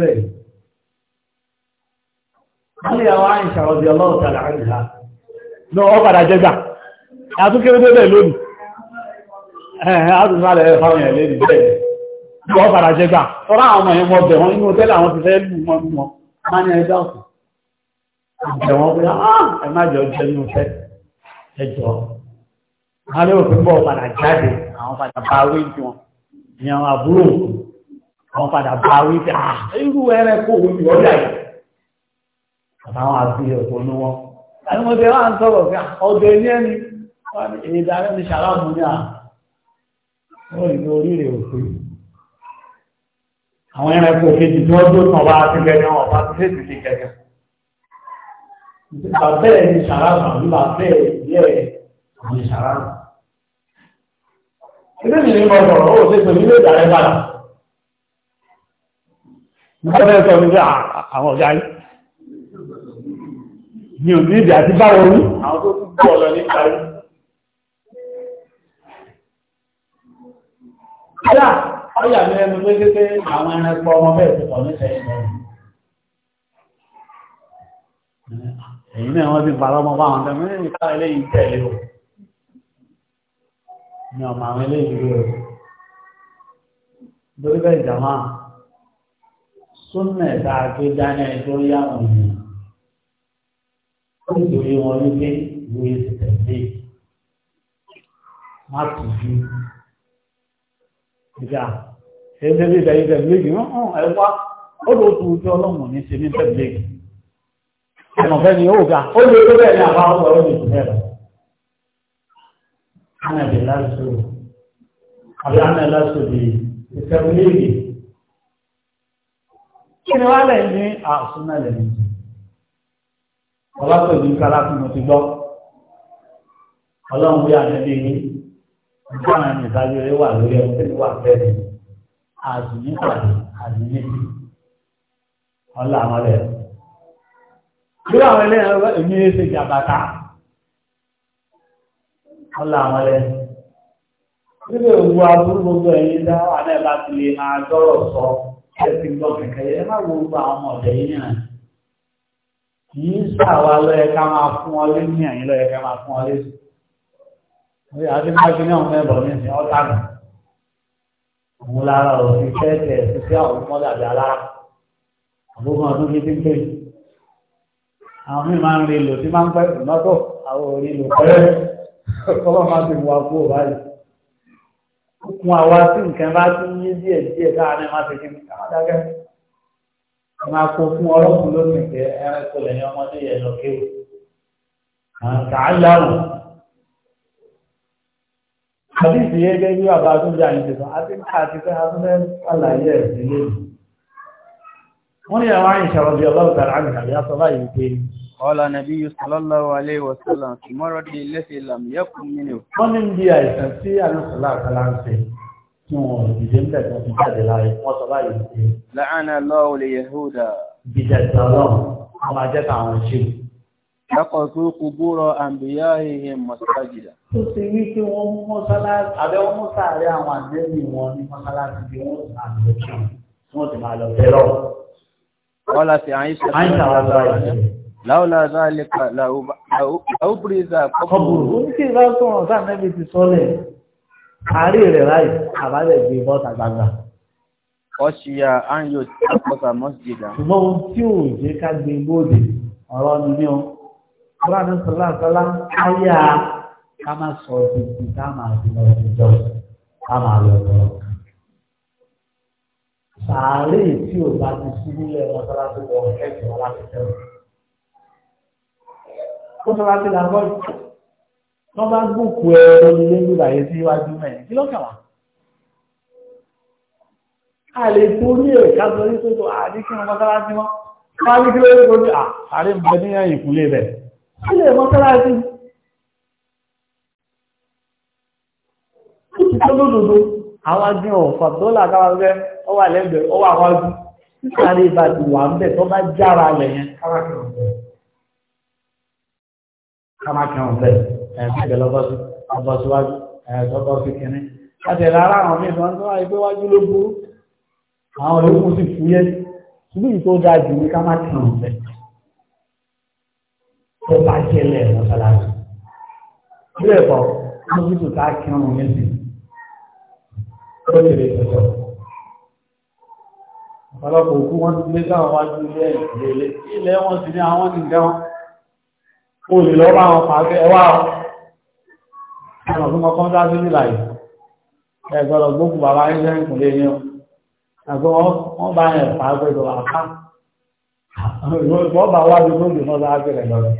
Speaker 1: àìsà náà ọ padà lónìí ẹ̀hẹ́ àtúnṣe àlẹ́ lé bí wọ́n fara ṣe gbà tọ́lá àwọn ọmọ yẹn mọ bẹ̀ wọ́n inú tẹ́lẹ̀ àwọn ti fẹ́ lù wọn mọ́ má ní ẹgbẹ́ ọ̀sán bẹ̀ wọ́n pé ah, ẹ má jọ jẹ́ inú fẹ́ ẹjọ́ wọ́n lé òfin bọ̀ padà jáde àwọn padà bá wí ju wọn ìyẹn àwọn àbúrò àwọn padà bá wí pé ah irú ẹrẹ kó òun yọ ọ́dà yìí àtàwọn àbí ọ̀pọ̀ ní ọdẹ wa ń sọ̀rọ̀ pé ah, ọdẹ ní ẹni wọn ni èdè ààrẹ ní sàlámù ní ìlú oríire òfin àwọn ẹranko kejì tí wọ́n tó tàn wá sílẹ̀ ní ọ̀pá tó fèsì sí kẹ̀kẹ́. Àbẹ́ ni ṣàràbà ní bàbẹ́ ìyẹ́ àwọn ìṣàràbà. Ilé mi ní bọ̀dọ̀ ó ṣe pẹ̀lú ilé ìdàrẹ́ padà. Nígbà tó sọ nígbà àwọn ọ̀gá yìí. Mi ò ní ìdí àti báwo ní àwọn tó tún bọ̀ lọ nípa yìí ó yà mí pé kékeré àwọn ẹranko ọmọ bẹ́ẹ̀ ti pọ̀ nísẹ̀yìn lẹ́nu. èyí náà wọ́n ti fara ọmọ bá wọn tẹ́lẹ̀ ní ká eléyìí tẹ̀lé o ní ọmọ àwọn eléyìí rí o lórí bẹ́ẹ̀ jàmá súnmọ̀ ẹ̀dá àti dáná ẹ̀ tó yá wọn ni ó sì rí wọn wípé ìwé ti tẹ̀lé má tù sí ìjà ẹgbẹ́ bí ìdáyé tẹ̀bílẹ́gì hàn ẹ wá ó ojú ọlọ́run ní ṣe ní tẹ̀bílẹ́gì ẹnọ̀fẹ́ ni ó ga ó lè tó bẹ́ẹ̀ ní àbá ọgbà ó lè tó bẹ́ẹ̀ ánàbì lásò àbí ánà lásò di ìtẹ̀bílẹ́gì kí ni wá lẹ̀ ní àṣùnà ní ọlọ́pàá ìlú ti gbọ́ ọlọ́run bí àná bọ́ọ̀nà ní ìsájú rẹ̀ wà lórí ẹ̀kọ́ wà fẹ́ẹ̀rẹ̀ àdùnní pàdé àdùnní sí ọ̀là àwọn ọ̀lẹ́ bí àwọn ẹlẹ́yìn ọ̀rọ̀ èmi lè ṣe jàbàtà ọ̀là àwọn ọ̀lẹ́ níbi òwú aburú gbogbo ẹ̀yìn dá wà náà bá ti lè máa dọ́rọ̀ sọ ẹ̀sìn gbọ́ kẹ̀kẹ́ ẹ má wo gbogbo àwọn ọ̀dẹ̀ yìí náà kì í sàwà lọ́yẹ máa fún ọ lé ní àyín lọ́yẹ máa fún ọ lé sí àti mákìní ọ̀hún ẹ̀bọ̀ ní ìsìn ọ̀tá nù. Òun lára òfin tẹ́tẹ̀ ṣiṣẹ́ àwọn mọ́lẹ̀ àbí alára. Àbúkọ̀ ọdún kí ti ń pè. Àwọn míì máa ń rí lò tí máa ń pẹ́ lọ́tọ̀ àwọn orí lò pẹ́. Kọ́lọ́ máa ti wà kú báyìí. Kún àwa tí nǹkan bá ti yí díẹ̀ díẹ̀ káàárín máa ti kí ní káàdákẹ́. Máa kó fún ọlọ́kùnrin lónìí pé àdìsí gẹ́gẹ́ bí bàbá tó jà ní ṣẹ̀sán àti àti pé a tún fẹ́ àlàyé ẹ̀ sí lé wọ́n ní àwọn àyìn ṣàrọ̀ bí ọlọ́run tàrà àmì àbí aṣọ báyìí pé ọlá nàbí sallallahu alaihi wasallam fi mọ́rọ̀ dé lẹ́sẹ̀ ìlàmù yẹ́kùn mi ni wọ́n ní bí àìsàn tí àlùsọ̀lá àkàlà ń ṣe tí wọ́n dìde ń bẹ̀rẹ̀ fi jáde láàyè wọ́n sọ báyìí pé láàánà lọ́wọ́ lè yẹ̀húdà bìdẹ̀tà ọlọ́run ọmọ ajẹ́ta àwọn ṣe lákọ̀ọ́sọ kúgbúrọ̀ àǹbíyá ìhìn mọ̀sájìdá. tó ti rí pé wọ́n mú mọ́sálásí àbẹ́ wọ́n mú sàárẹ̀ àwọn àdéhùn wọn ní mọ́sálásí bí wọ́n sàárẹ̀ kí wọ́n ti máa lọ bẹ́ẹ̀ lọ. Kọ́lá ti àyíṣà. Àyíṣà wà lọ yìí. Láwùlá zálìkà láwùbíríza kọ́bùrù. Ó ní kí ìbá sọ̀rọ̀ sáà nẹ́bi ti sọ́lẹ̀. Àárẹ̀ rẹ̀ láì àbálẹ̀ gbé bọ́ta gbangba ọ̀ṣìyà àyò tí a pọ̀ta mọ́sídìdà. ṣùgbọ́n ohun tí ò jẹ́ ká gbé bóde ọ̀rọ̀ ni ní o Ọlọ́run sọ̀rọ̀ àtọ́lá ayá ká máa sọ òdìdì ká máa di ọdún jọ ká máa lọ lọ. Sàárè tí ò bá ti sí nílẹ̀ ọ̀sọ́lá tó wọ ẹ̀jẹ̀ wá láti tẹ̀lé. Ó sọ́lá ti làbọ́ tó bá gbòkú ẹ lórí lórí ìbàyè sí iwájú mẹ́rin kí ló kà A lè torí ẹ̀ ká sọ ní pé tó àdíkí wọn. Wọ́n á ní kí ló ń gbòdì àárẹ̀ ń bẹ ní kí lè mọ́sálásí ó ti tó lódodo àwọn agbín ọ̀fà dọ́là káwà rẹ̀ ọ wà lẹ́gbẹ̀ẹ́ ọ wà wájú sáré ibà ti wà ń bẹ̀ tó bá jára lẹ̀ yẹn kámákìrún bẹ̀ ẹ̀ẹ́dẹ̀ lọ́bọ́sí ọbọ̀síwájú ẹ̀ẹ́dọ́bọ́sí kìíní látẹ̀lẹ̀ ara àwọn míì tó ń tó wáyé pé wájú ló burú àwọn yòókù sì fúyẹ́ ṣùgbọ́n ìtó dáa jù ní kámákìrún bẹ̀ tó bá jẹ́lẹ̀ mọ́sálásí. Ilé ẹ̀kọ́, wọ́n ká kí ọmọ yẹn sí. Ó lè lè tẹ̀sọ̀. òkú wọn ti lé sáwọn wájú ilé ìlélé. Ilé wọn ti ní àwọn nìkan wọn. O lè lọ bá wọn pàṣẹ ẹwà ọ. Àwọn ọ̀gbọ́n kan dá sí nílà yìí. Ẹ gbọ́dọ̀ gbókù bàbá yín sẹ́yìn kùnlé yín o. Àgbọ̀ wọn bá yẹn pàṣẹ lọ àká. Wọ́n bá wá bí lóògùn náà lágbèrè lọ́dún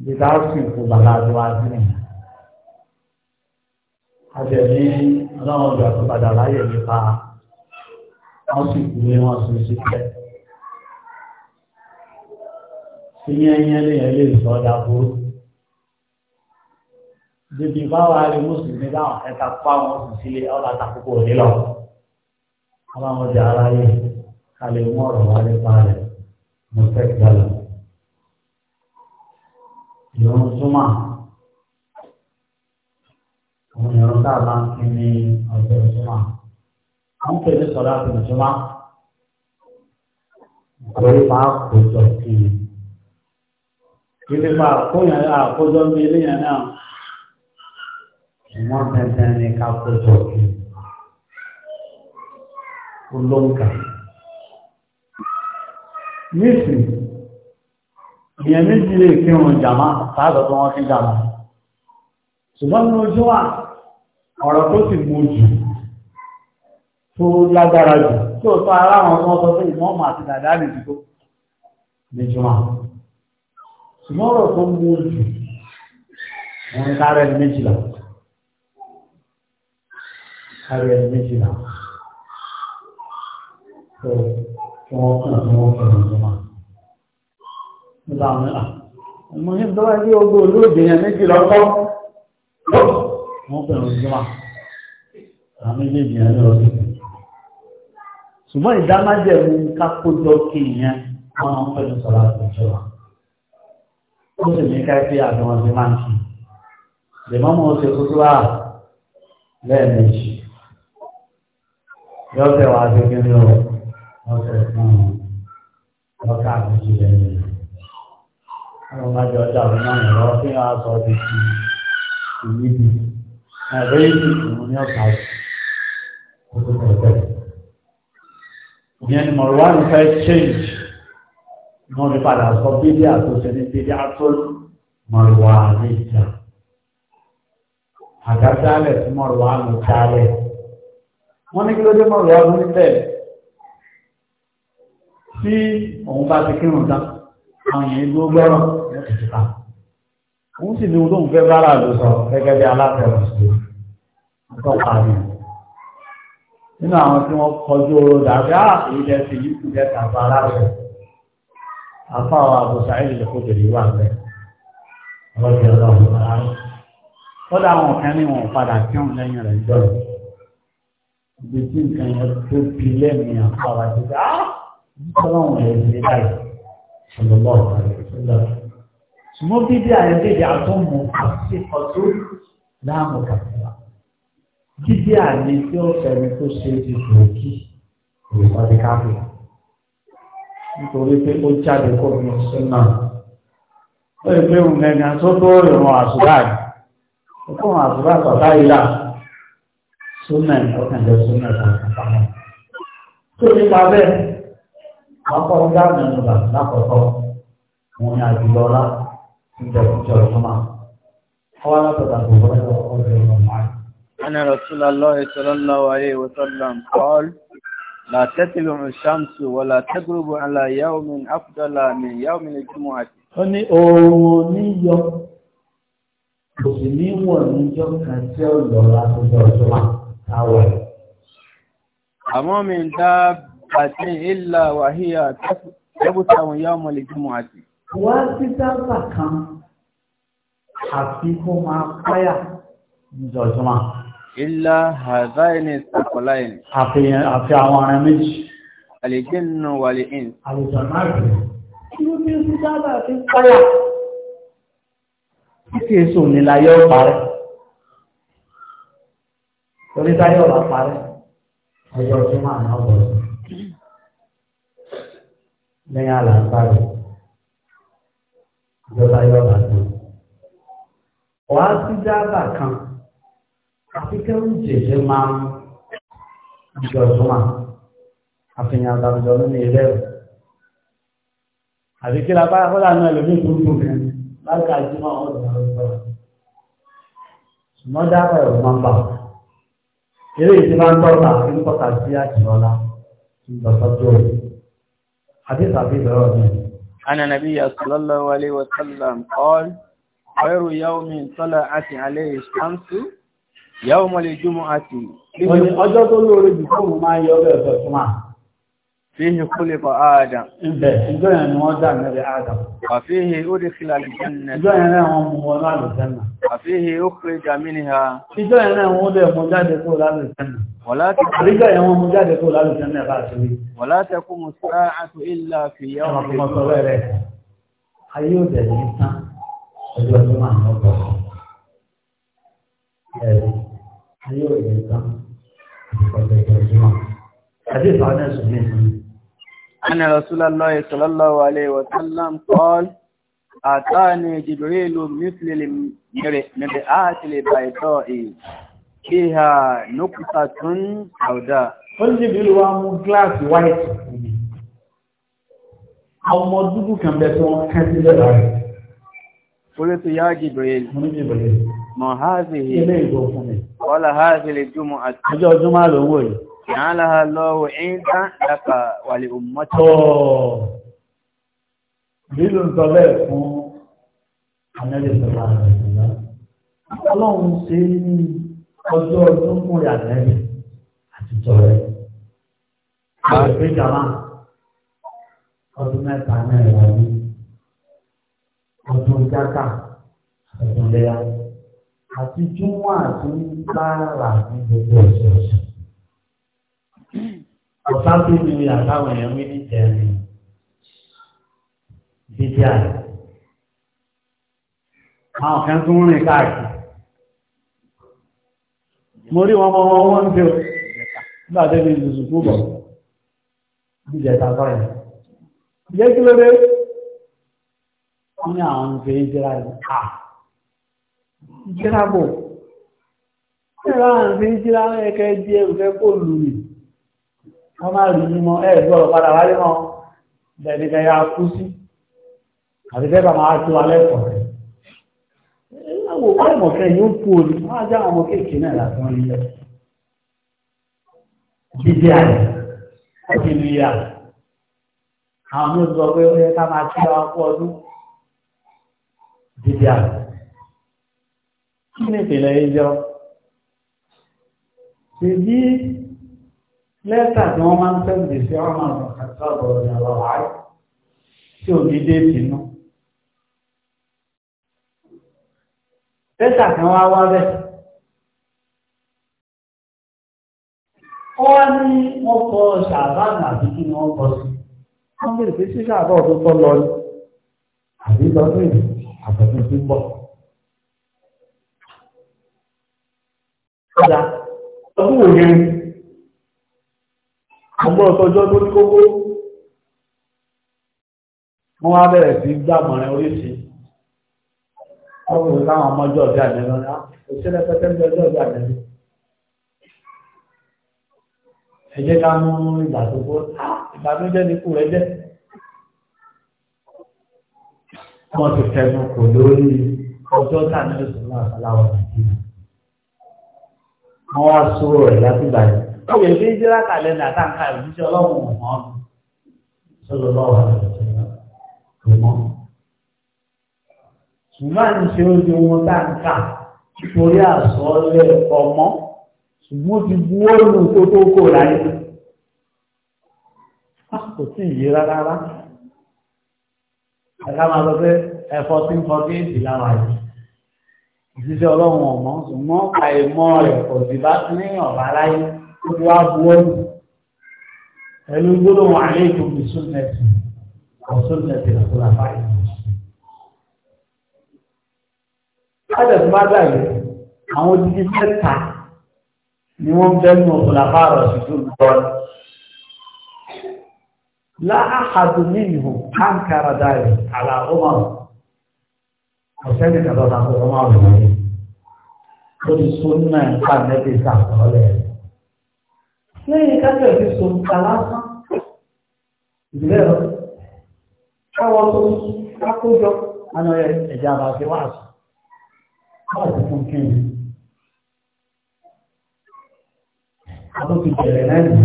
Speaker 1: ibi tá a sì kú bàbá tó wá sí nìyẹn. a jẹ ní ọlọ́run ọ̀dọ́ àtúpadà láyè nípa wọ́n sì kú ní wọ́n sì sí pẹ́. ìyẹn ìyẹn lèyẹn lè sọ ọ́ dàbúrú. Bébí báwa rí mùsùlùmí láwọn ẹ̀ka pa wọn sì sílé ọ̀là àtàkùkù òní lọ. Àwọn ọjà aráyé kalẹ̀ mú ọ̀rọ̀ wálé pa rẹ̀ mo fẹ́ gbà ìrún súnmọ́ àwọn ìrún tá a bá ń àwọn kèlè sọ̀rọ̀ àti ìjọba ìkórè máa kó jọ kí ni ìdípa àkóyàn àkójọ bí eléyàn náà ìwọ̀n tẹ̀tẹ̀ ní ká kó jọ kí ló ń kà nísìnyí ìyẹn méjì lè fi hàn jàmá sáàdọ̀ tó wọ́n fi jàmá ṣùgbọ́n ní ojú wà ọ̀rọ̀ tó sì mú jù tó lágbára jù tó tó ara wọn tó sọ pé ìmọ̀ọ́mọ̀ àti dàdá lè dìbò níjùmọ̀ ṣùgbọ́n ọ̀rọ̀ tó mú jù wọn ń kárẹ̀ ní méjìlá kárẹ̀ ní méjìlá tó wọ́n kàn ní wọ́n fi hàn Ah, mo ní tó bá ní ogún olóògbé yẹn méjì lọ́kọ́ wọ́n pẹ̀lú ìjọba àwọn méjèèjì yẹn lọ́wọ́ ṣùgbọ́n ìdámájẹ̀mú kákójọ kí ìyẹn wọ́n máa ń pẹ̀lú sọ̀rọ̀ àti ìjọba ó sì ní káyọ̀ pé àdánwò ti máa ń kí lèmọ́ mọ́ ṣe kó tó wà lẹ́ẹ̀mejì yọ̀ọ́fẹ́ wa ṣe kí ni ó ọ̀sẹ̀ fún ọ̀ká àti ìjìnlẹ̀ yẹn wọn bá jọ ọjà òun náà lọ sí wọn aṣọ ti ti ìyí bi ẹgbẹ́ yìí ti tún ní ọ̀gá yìí ó tó tẹ̀ bẹ́ẹ̀. ní fẹ́ change ní wọ́n fi padà sọ bíbí àtúnṣe ní bíbí àtúnṣe mọ̀rọ̀ wá ní ìjà. àgádálẹ̀ tí mọ̀rọ̀ wá ní dálẹ̀. wọ́n ní kí ló dé mọ̀rọ̀ wá ní bẹ́ẹ̀. tí òun bá ti kírun dáná àwọn èèyàn ló nínú àwọn tí wọ́n kọjú oró dàbí á ah, èyí lẹ fi kú lẹ́ta bá aláṣẹ afá àwọn àbùsà kó tèrè wà bẹ́ẹ̀ ọlọ́dẹ ọlọ́run bàrà kódà àwọn kan ní wọn padà kírun lẹ́yìn rẹ̀ jọ̀rọ̀ sọlọ́lọ́ àìsílẹ̀. ṣùgbọ́n bíbí àìbèdè àtọ́mù àṣìkọ̀tò láàmù kàkàrà. bíbí àmì tí ó fẹ̀mí tó ṣe ti gbòógì ìwádìí káfíà. nítorí pé ó jáde kó mi sínú ó lè pé òun gẹ́gẹ́ tó tó ìrùn àṣùbáàdì ó kó òun àṣùbáàdì ọ̀tá ìlà súnmẹ̀ ọ̀kànjẹ́ súnmẹ̀ ọ̀kànjẹ́ tó nípa bẹ́ẹ̀ akọ ga mẹnuba lakọkọ wọn ni adulọla ìjọkújọ ìjọba ọwọ látọta kò wọlé ọjọ́ ìjọba. أن رسول الله صلى الله عليه وسلم قال لا تطلع الشمس ولا تغرب على يوم أفضل من يوم الجمعة. ó ní oòrùn níyọ kò sì ní wọ̀ níjọ́ kan tí ó lọ látọjọ́ ìjọba táwọn. àmọ́ mi ń àti ìlà wàhíyà tẹ́bùtà àwọn ìyá ọmọ lè jùmọ̀ àti. wọ́n sí sábà kan àti kó máa páyà ìjọ̀jọ́mà. ìlà àzáìní sàkọláìní. àfi àwọn ará méjì. àlejò wàlẹ̀ in. àlejò náà rẹ̀. kí bí ó sí sábà fi páyà? Títí èso ni la yọ parẹ́. Torí táyọ̀ bá parẹ́, ọjọ́ ọdún máa náà bọ̀ sí lẹ́yìn àlàáfáà ìjọba yóò bá tán. Wà á sí dáàbà kan, àfikẹ́rù jẹjẹ máa ń jọ súnmà, àfihàn àbàmìjọ nínú ilé rẹ̀. Àfikẹ́ la bá kọ́lá náà lómi ìgbóngbò rẹ̀ láti àjùmọ̀ ọ̀dọ̀ ọ̀dọ̀. Ṣùgbọ́n dáàbà ẹ̀rọ máa ń bà. Eré ìdí máa ń tọ́ta, ń tọ́ta sí àjùmọ̀lá, ń lọ sọ́jọ́ rẹ̀. حديث عبيد الله أن النبي صلى الله عليه وسلم قال خير يوم طلعت عليه الشمس يوم الجمعة. Ọjọ́ tó lóore jù fóònù máa ń فيه خلق آدم وفيه أدخل الجنة وفيه أخرج منها ولا تقوم ولا تقوم الساعة إلا في يوم أيوة الإنسان أيوة الإنسان أيوة الإنسان حديث عن ناس أن رسول الله صلى الله عليه وسلم قال أتاني جبريل مثل المرآة البيضاء فيها نقطة سوداء wọ́n ti bí wọ́n mú gíláàsì white àwọn ọmọ dúdú kan bẹ tí wọ́n kẹ́ sí lẹ́la orí tó yá Jibril mọ̀ háàzì yìí kọ́lá háàzì lè jùmọ̀ àti ọjọ́ ọdún máa lò جعلها الله عيدا لك ولأمتك oh. Bílù ń tọ́lẹ̀ fún Anẹ́lẹ́sọ̀lá àrẹ̀lá. Ọlọ́run ṣe ní ọjọ́ ọdún fún ìyàlẹ́rẹ̀ àtijọ́ rẹ̀. Àwọn ìgbéjàmá ọdún mẹ́ta mẹ́rin ní ọdún jákà ọdún léyà àti Júmọ́ àti Bára ní gbogbo ọ̀sẹ̀ ọ̀sẹ̀ ọ̀sán tó ti wíyà táwọn èèyàn mi ní jẹ́rì dídí àlè. Àwọn kan tún rìn káàkiri. Mo rí wọn mọ́wọ́ wọ́n ń bẹ̀rẹ̀ nígbà tó ní ìlú sùkúù bọ̀. Jíjẹ ta sọ́rọ̀ yẹn. Ìjẹ́ kí ló dé? Wọ́n ní àwọn ń ṣe ìjẹ́ra yìí. Ìjẹ́ra bò. Ìjẹ́ra ń ṣe ìjẹ́ra ẹ̀kẹ́ díẹ̀ fẹ́ kó lù mí wọ́n máa rí mímọ́ ẹ̀ẹ́dọ́rọ̀ padà wáyé náà bẹ̀ẹ̀dẹ̀gẹ̀ ya kú sí àti bẹ́ẹ̀ máa tó alẹ́ pọ̀ rẹ̀ àwọn ọ̀pọ̀ ìmọ̀kẹ́ yóò kú òní wọ́n á já àwọn ọmọ kéèké náà látọ́ ilẹ̀ jíjẹ́ àrẹ̀ ọdún ní ìyá àwọn ọmọ ìgbọ̀ pé ó yẹ ká máa kí wa kú ọdún jíjẹ́ àrẹ̀ kí ni ìpìlẹ̀ ìjọ ṣe bí lẹ́tà ni wọ́n máa ń sẹ́ǹdì sí ọmọ àwọn àtàbọ̀ ní ọ̀rọ̀ àárẹ̀ tí ò ní déètì nù. lẹ́tà kan wá wá bẹ́ẹ̀. wọ́n ní wọ́n kọ ṣàbáàmù kí ni wọ́n kọ sí. wọ́n bèrè pé ṣíṣe àbọ̀ ọdún tó lọ ni àbí lọ́dún ìlú àbọ̀dún tó bọ̀. ọjà ọdún wò yẹn ọgbọ́n tọjọ́ tó ní kókó wọ́n wá bẹ̀rẹ̀ sí gbàmọ̀rẹ́ oríṣi ọkùnrin láwọn ọmọjọ́ ọ̀dẹ́ àjẹ́lọ́ ní ah, òṣèlè pẹ́tẹ́ ní ọjọ́ ọ̀dẹ́ àjẹ́lọ́ ẹ jẹ́ ká mú ìgbà tó bó ah, ìbànújẹ́ ní kú rẹ jẹ́ wọ́n ti fẹnu kò lórí ọjọ́ tà oṣù náà láwọn nàìjíríà wọ́n wá sóró rẹ̀ láti bàjẹ́ Báwo ni bí Jíra kàlẹ́ndà táǹkà ìjíṣẹ́ ọlọ́run ọ̀hún sọ̀rọ̀ lọ́wọ́ rẹ̀ mọ́. Ṣùgbọ́n ní ṣe ó di ohun táǹkà nítorí àsọ̀ọ́lẹ̀ ọmọ ṣùgbọ́n ti buwọ́ lù tó tó kò láyé. Ah, kò tí ì yé rárá. Ẹ̀ka máa sọ pé ẹ̀fọ́ tí ń fọ́ bí ìdílá wa yìí ìjíṣẹ́ ọlọ́run ọ̀mọ́ ṣùgbọ́n àìmọ́ rẹ̀ kò sì bá ní ọ̀bá láyé gbogbo abuọ́lù pẹ̀lú gbólóhùn alaykum bi sunnati wa sunnati al-khulafa'ir. Kájọ̀tí bá dàgbé àwọn odidi mẹ́ta ni wọ́n bẹ́nu khulafa ar-rashidun bọ́ọ̀lù. La ahadu minhum ankara dhalika ala Umar. Ọ̀sẹ́ni kàtọ́ta fún ọmọ ọmọ rẹ̀. Ó ti nípa nẹ́bí sàkọọ́lẹ̀ lẹ́yìn kájọ̀ ti sọ àlásán ìbílẹ̀ lọ káwọ́ tó kákójọ àna ẹ̀jẹ̀ àbàtì wà sí wáàsí fún kíni àtúntò bẹ̀rẹ̀ lẹ́yìn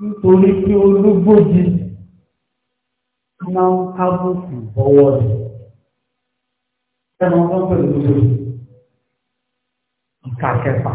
Speaker 1: nítorí pé olúgbòjì máa ń kábùkù bọ́wọ́ rẹ̀ ẹ̀rọ ọgbọ́n pẹ̀lú ìkà kẹfà.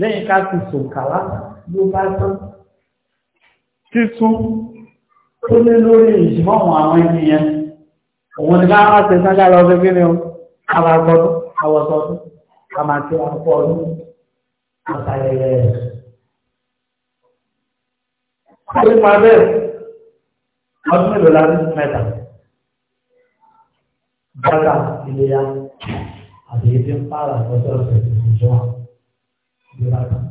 Speaker 1: lẹ́yìn ká ti sòǹkà lásán ló bá tán títún tó ní lórí ìjìmọ̀ àwọn ènìyàn òun ni ká wá ṣe sáńgá lọ sí kí ni o àwàgbọ́dún àwọ̀sọdún àmàtí àpọ̀ ọdún àtàyẹyẹ rẹ̀. Nípa bẹ́ẹ̀, ọdún mélòó la ní mẹ́ta? Bàtà ìlera àti ìdí ń pààrà lọ́sọ̀ọ̀sẹ̀ ìjọba ìbàdàn.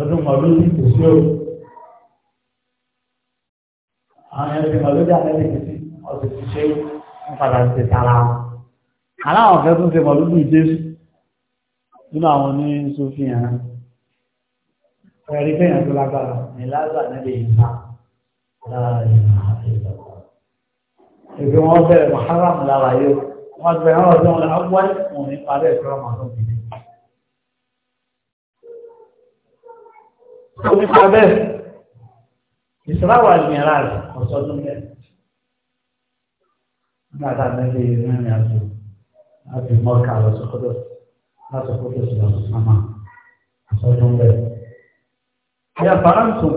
Speaker 1: Ọdún ọdún sì kò sí òru. Àwọn ẹbí mọ̀lódà lẹ́yìn títí ọ̀sẹ̀ ti ṣe ń padà ṣe tara wọn. Aláwọn ọ̀fẹ́ tún ṣe mọ̀lódù Jésù nínú àwọn ní Sófìyàn. Ẹ̀rí fẹ́yàn tó lágbára ní Lázà níbi ìta lára ìta ìjọba. Ìgbé wọn bẹ̀rẹ̀ Mùhárà lára yóò. Wọ́n gbẹ̀rẹ̀ ọdún ọ̀la wáyé òun ní parí ẹ̀kọ́ ọmọdún bìí. ó ti pa bẹ́ẹ̀ ìsìláwà ìyẹnra rẹ̀ ọ̀sọ́dún bẹ́ẹ̀ nígbà tá a mẹ́lẹ̀ ìrìnrìn àjò láti mọ́ọ̀kà lọ sọ́kọ́dọ̀ láti kókò sí lọ sọ́mà ọ̀sọ́dún bẹ́ẹ̀. Ìyá Fàrántùn.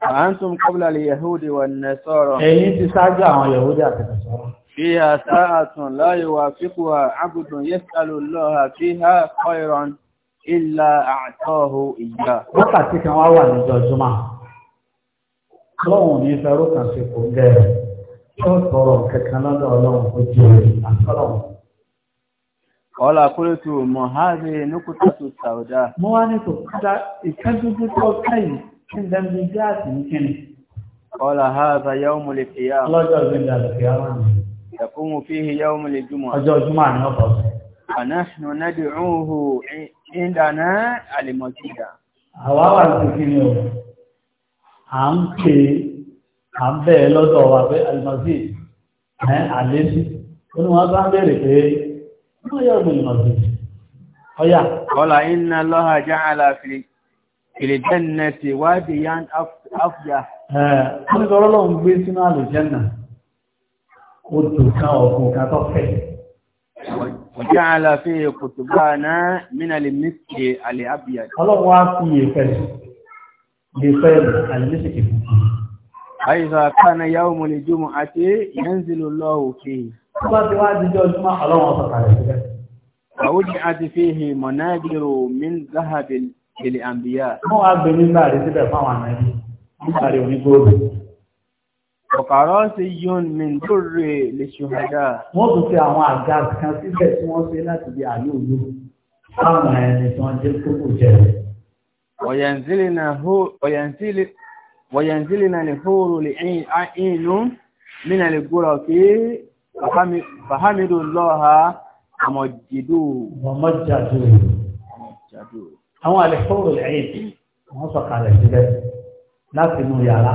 Speaker 1: Fàrántùn kọ́bùlà lè Yahudi wà ní sọ́rọ̀. Èyí ti ṣáájú àwọn Yahudi àti Nàṣọ́rọ̀. Fíhà sáàtùn láyé wà fíkùwà ábùdùn yẹ́sàlù lọ́ha fíhà kọ́ ìrọ̀n ìlà àtọ́hù ìyá. Wákàtí kan wá wà níjọ Júmà. Lọ́wọ́n ní fẹ́rú kan sí kò gẹ̀rẹ̀. Yóò tọrọ kẹ̀kẹ́ lọ́dọ̀ ọlọ́run kó jẹ́ àtọ́lọ́run. Ọlá kúrò tó mọ̀ há rí núkútà tó sàúdá. Mo wá ní tò kúta ìkẹ́dúdú tó kẹ́yìn kí n dẹ́mi jẹ́ àti ní Ọlá ha bá yá ọmọ lè fìyà. Lọ́jọ́ ìgbìndà lè fìyà wà ní. Ẹ̀kún mo fi yá ọmọ lè jùmọ̀. Ọjọ́ Júmà ni ọ̀pọ̀ sọ. فنحن ندعوه عندنا المزيد
Speaker 2: àwa wà ní kíni o
Speaker 1: à ń pè à ń bẹ̀ẹ́ lọ́dọ̀ wa pé alimọ̀sí ẹ̀ àlésì ó ní wọ́n bá ń bèèrè pé wọ́n yọ ọ̀gbìn alimọ̀sí ọ̀yà. ọ̀là iná lọ́ha já aláfin ìlẹ̀jẹ̀nà ti wádìí وجعل فيه قطبانا من المسك الابيض ọlọ́run wá fi èfẹ́ èfẹ́ àìlẹ́sìkì àìsà kánà yàwó mọ̀lẹ̀ jùmọ̀ àti yẹnzìlò lọ́wọ́ fi ọba ti wá jíjọ jùmọ̀ ọlọ́run ọ̀sọ̀kàrẹ̀ sílẹ̀ àwújì àti fi hì mọ̀náàdìrò min zahabil ilẹ̀ àmbíyà wọ́n wá gbé nígbà rẹ̀ síbẹ̀ fáwọn àmì
Speaker 2: nígbà rẹ̀ onígbòrò
Speaker 1: ọ̀kàrọ̀ sí yún mi lórí lè ṣùhàdá. wọ́n tún fi àwọn àga kan síbẹ̀ tí wọ́n ṣe láti di àyè òru fáwọn ẹni tí wọ́n jẹ́ kókò jẹ̀rẹ̀. wọ̀yẹ̀nsílì náà lè hóró lè inú nínú lè gbúra òkè fàhámìdò lọ́ha àmọ̀jìdò. àmọ̀jàdò. àwọn àlè hóró lè ẹ̀yìn wọ́n sọ̀kalẹ̀ síbẹ̀ láti inú yàrá.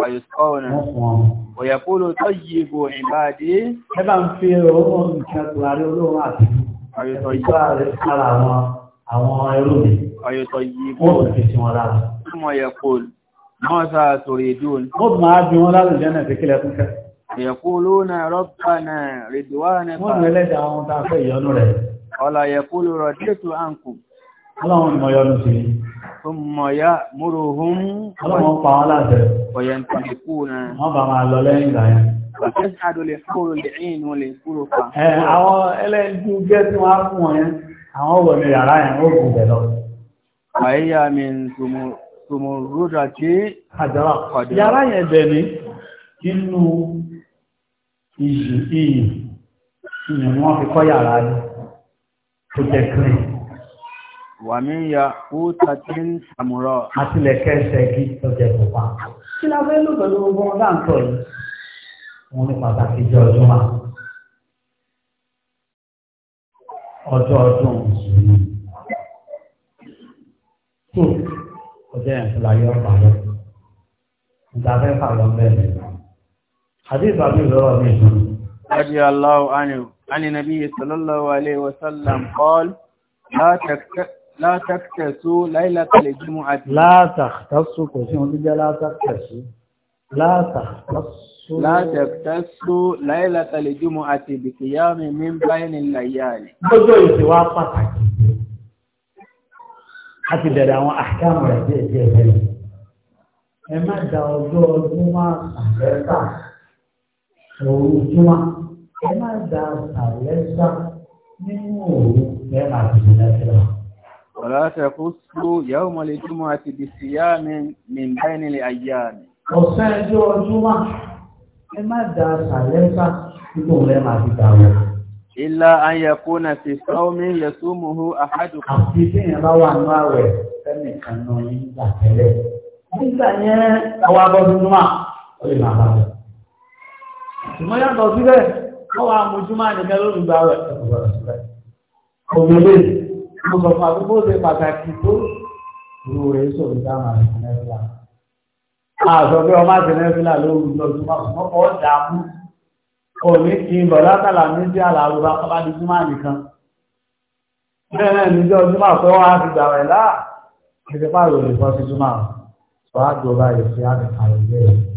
Speaker 1: ويسقون ويقول طيب عبادي ẹbá fi ọmọ nǹkan tùwárí olóòrùn àti ọ̀yọ̀tọ̀ yìí lára àwọn ẹlòmí ọ̀yọ̀tọ̀ yìí bó ti ti wọn lára mọ̀ yẹ̀kùl náà sáà torí ìdún ó máa bí wọn lára jẹ́nà tí kílẹ̀ fún yẹ̀kùlú na rọ́pà na rìdíwá na pa wọ́n lẹ́dà àwọn tàfẹ́ ثم يأمرهم وينطلقون وتشهد الحور العين والغرفة وهي من سمردة حجرة yàrá yẹn dẹ̀ ni nínú iyì iyì ìyìn wọ́n fi kọ́ yàrá rẹ̀ tó jẹ́ kìrì wàmíyà kúta tí ń sàmúrọ̀. àtìlẹ̀ kẹsẹ̀ kí tọ́jà ìfọ̀pá. kí la fẹ́ lò pẹ̀lú gbogbo ọ̀gá ńkọ yìí. wọ́n ní pàtàkì jẹ́ ọdún wa. ọjọ́ ọdún mùsùlùmí. tó ọjọ́ yẹn fúnra yọ ọ̀pá lọ. ìgbà fẹ́ fà lọ bẹ́ẹ̀ ni. àdéhùn àbí mi ìlú. رضي الله عنه عن النبي صلى الله عليه وسلم قال لا تكتئب látàkẹ̀só láìlátàlẹ̀ jímọ̀ àti. látàkẹ̀só kò sí ohun tó jẹ́ látàkẹ̀só. látàkẹ̀só. látàkẹ̀só láìlátàlẹ̀ jímọ̀ àti ìbìkìyàmì mi ń bá ẹni láyà rẹ̀. gbogbo ìsìn wa pàtàkì. a ti bẹ̀rẹ̀ àwọn àkáàmù rẹ̀ díẹ̀ díẹ̀ ẹ má da ọjọ́ ọdún máa sàlẹ́sà òru júmọ́ ẹ má da sàlẹ́sà nínú òru ẹ má ti bẹ̀rẹ̀ ولا تخصوا يوم الجمعة بصيام من بين الأيام
Speaker 2: ọ̀sán ẹjọ́
Speaker 1: ọjọ́má ẹ má da sàlẹ́sà nínú rẹ̀ máa fi dàwọ̀. ilá ayẹ̀kú na fi sọ́ọ́mí yẹ̀súmùhú àhájù. àti bí yẹn bá wà ní àwẹ̀ fẹ́nìkan náà nígbà tẹ́lẹ̀. nígbà yẹn àwọn abọ́dúnmá ó lè máa bá wẹ̀. ìmọ̀ yàtọ̀ síbẹ̀ wọ́n wà mú júmọ́ nìkan lórí gbà wẹ̀. òmìnir mo sọ fún àdúgbò ṣe pàtàkì tó irú rẹ̀ sọ̀rọ̀ dáhùn àti nẹ́fìlà. a sọ pé ọmọ àti nẹ́fìlà ló wù lọ sí ọmọ kọ́ dààmú òní kí n bọ̀dá kàlà ní sí àlàrúbá kọ́lá di súnmọ́ nìkan. bẹ́ẹ̀ náà níjọ́ súnmọ́ pé wọ́n á ti gbà rẹ̀ láà kí ti pààrọ̀ òní súnmọ́ àwọn. gbọ́ báyìí sí àdìkàlẹ̀ bẹ́ẹ̀.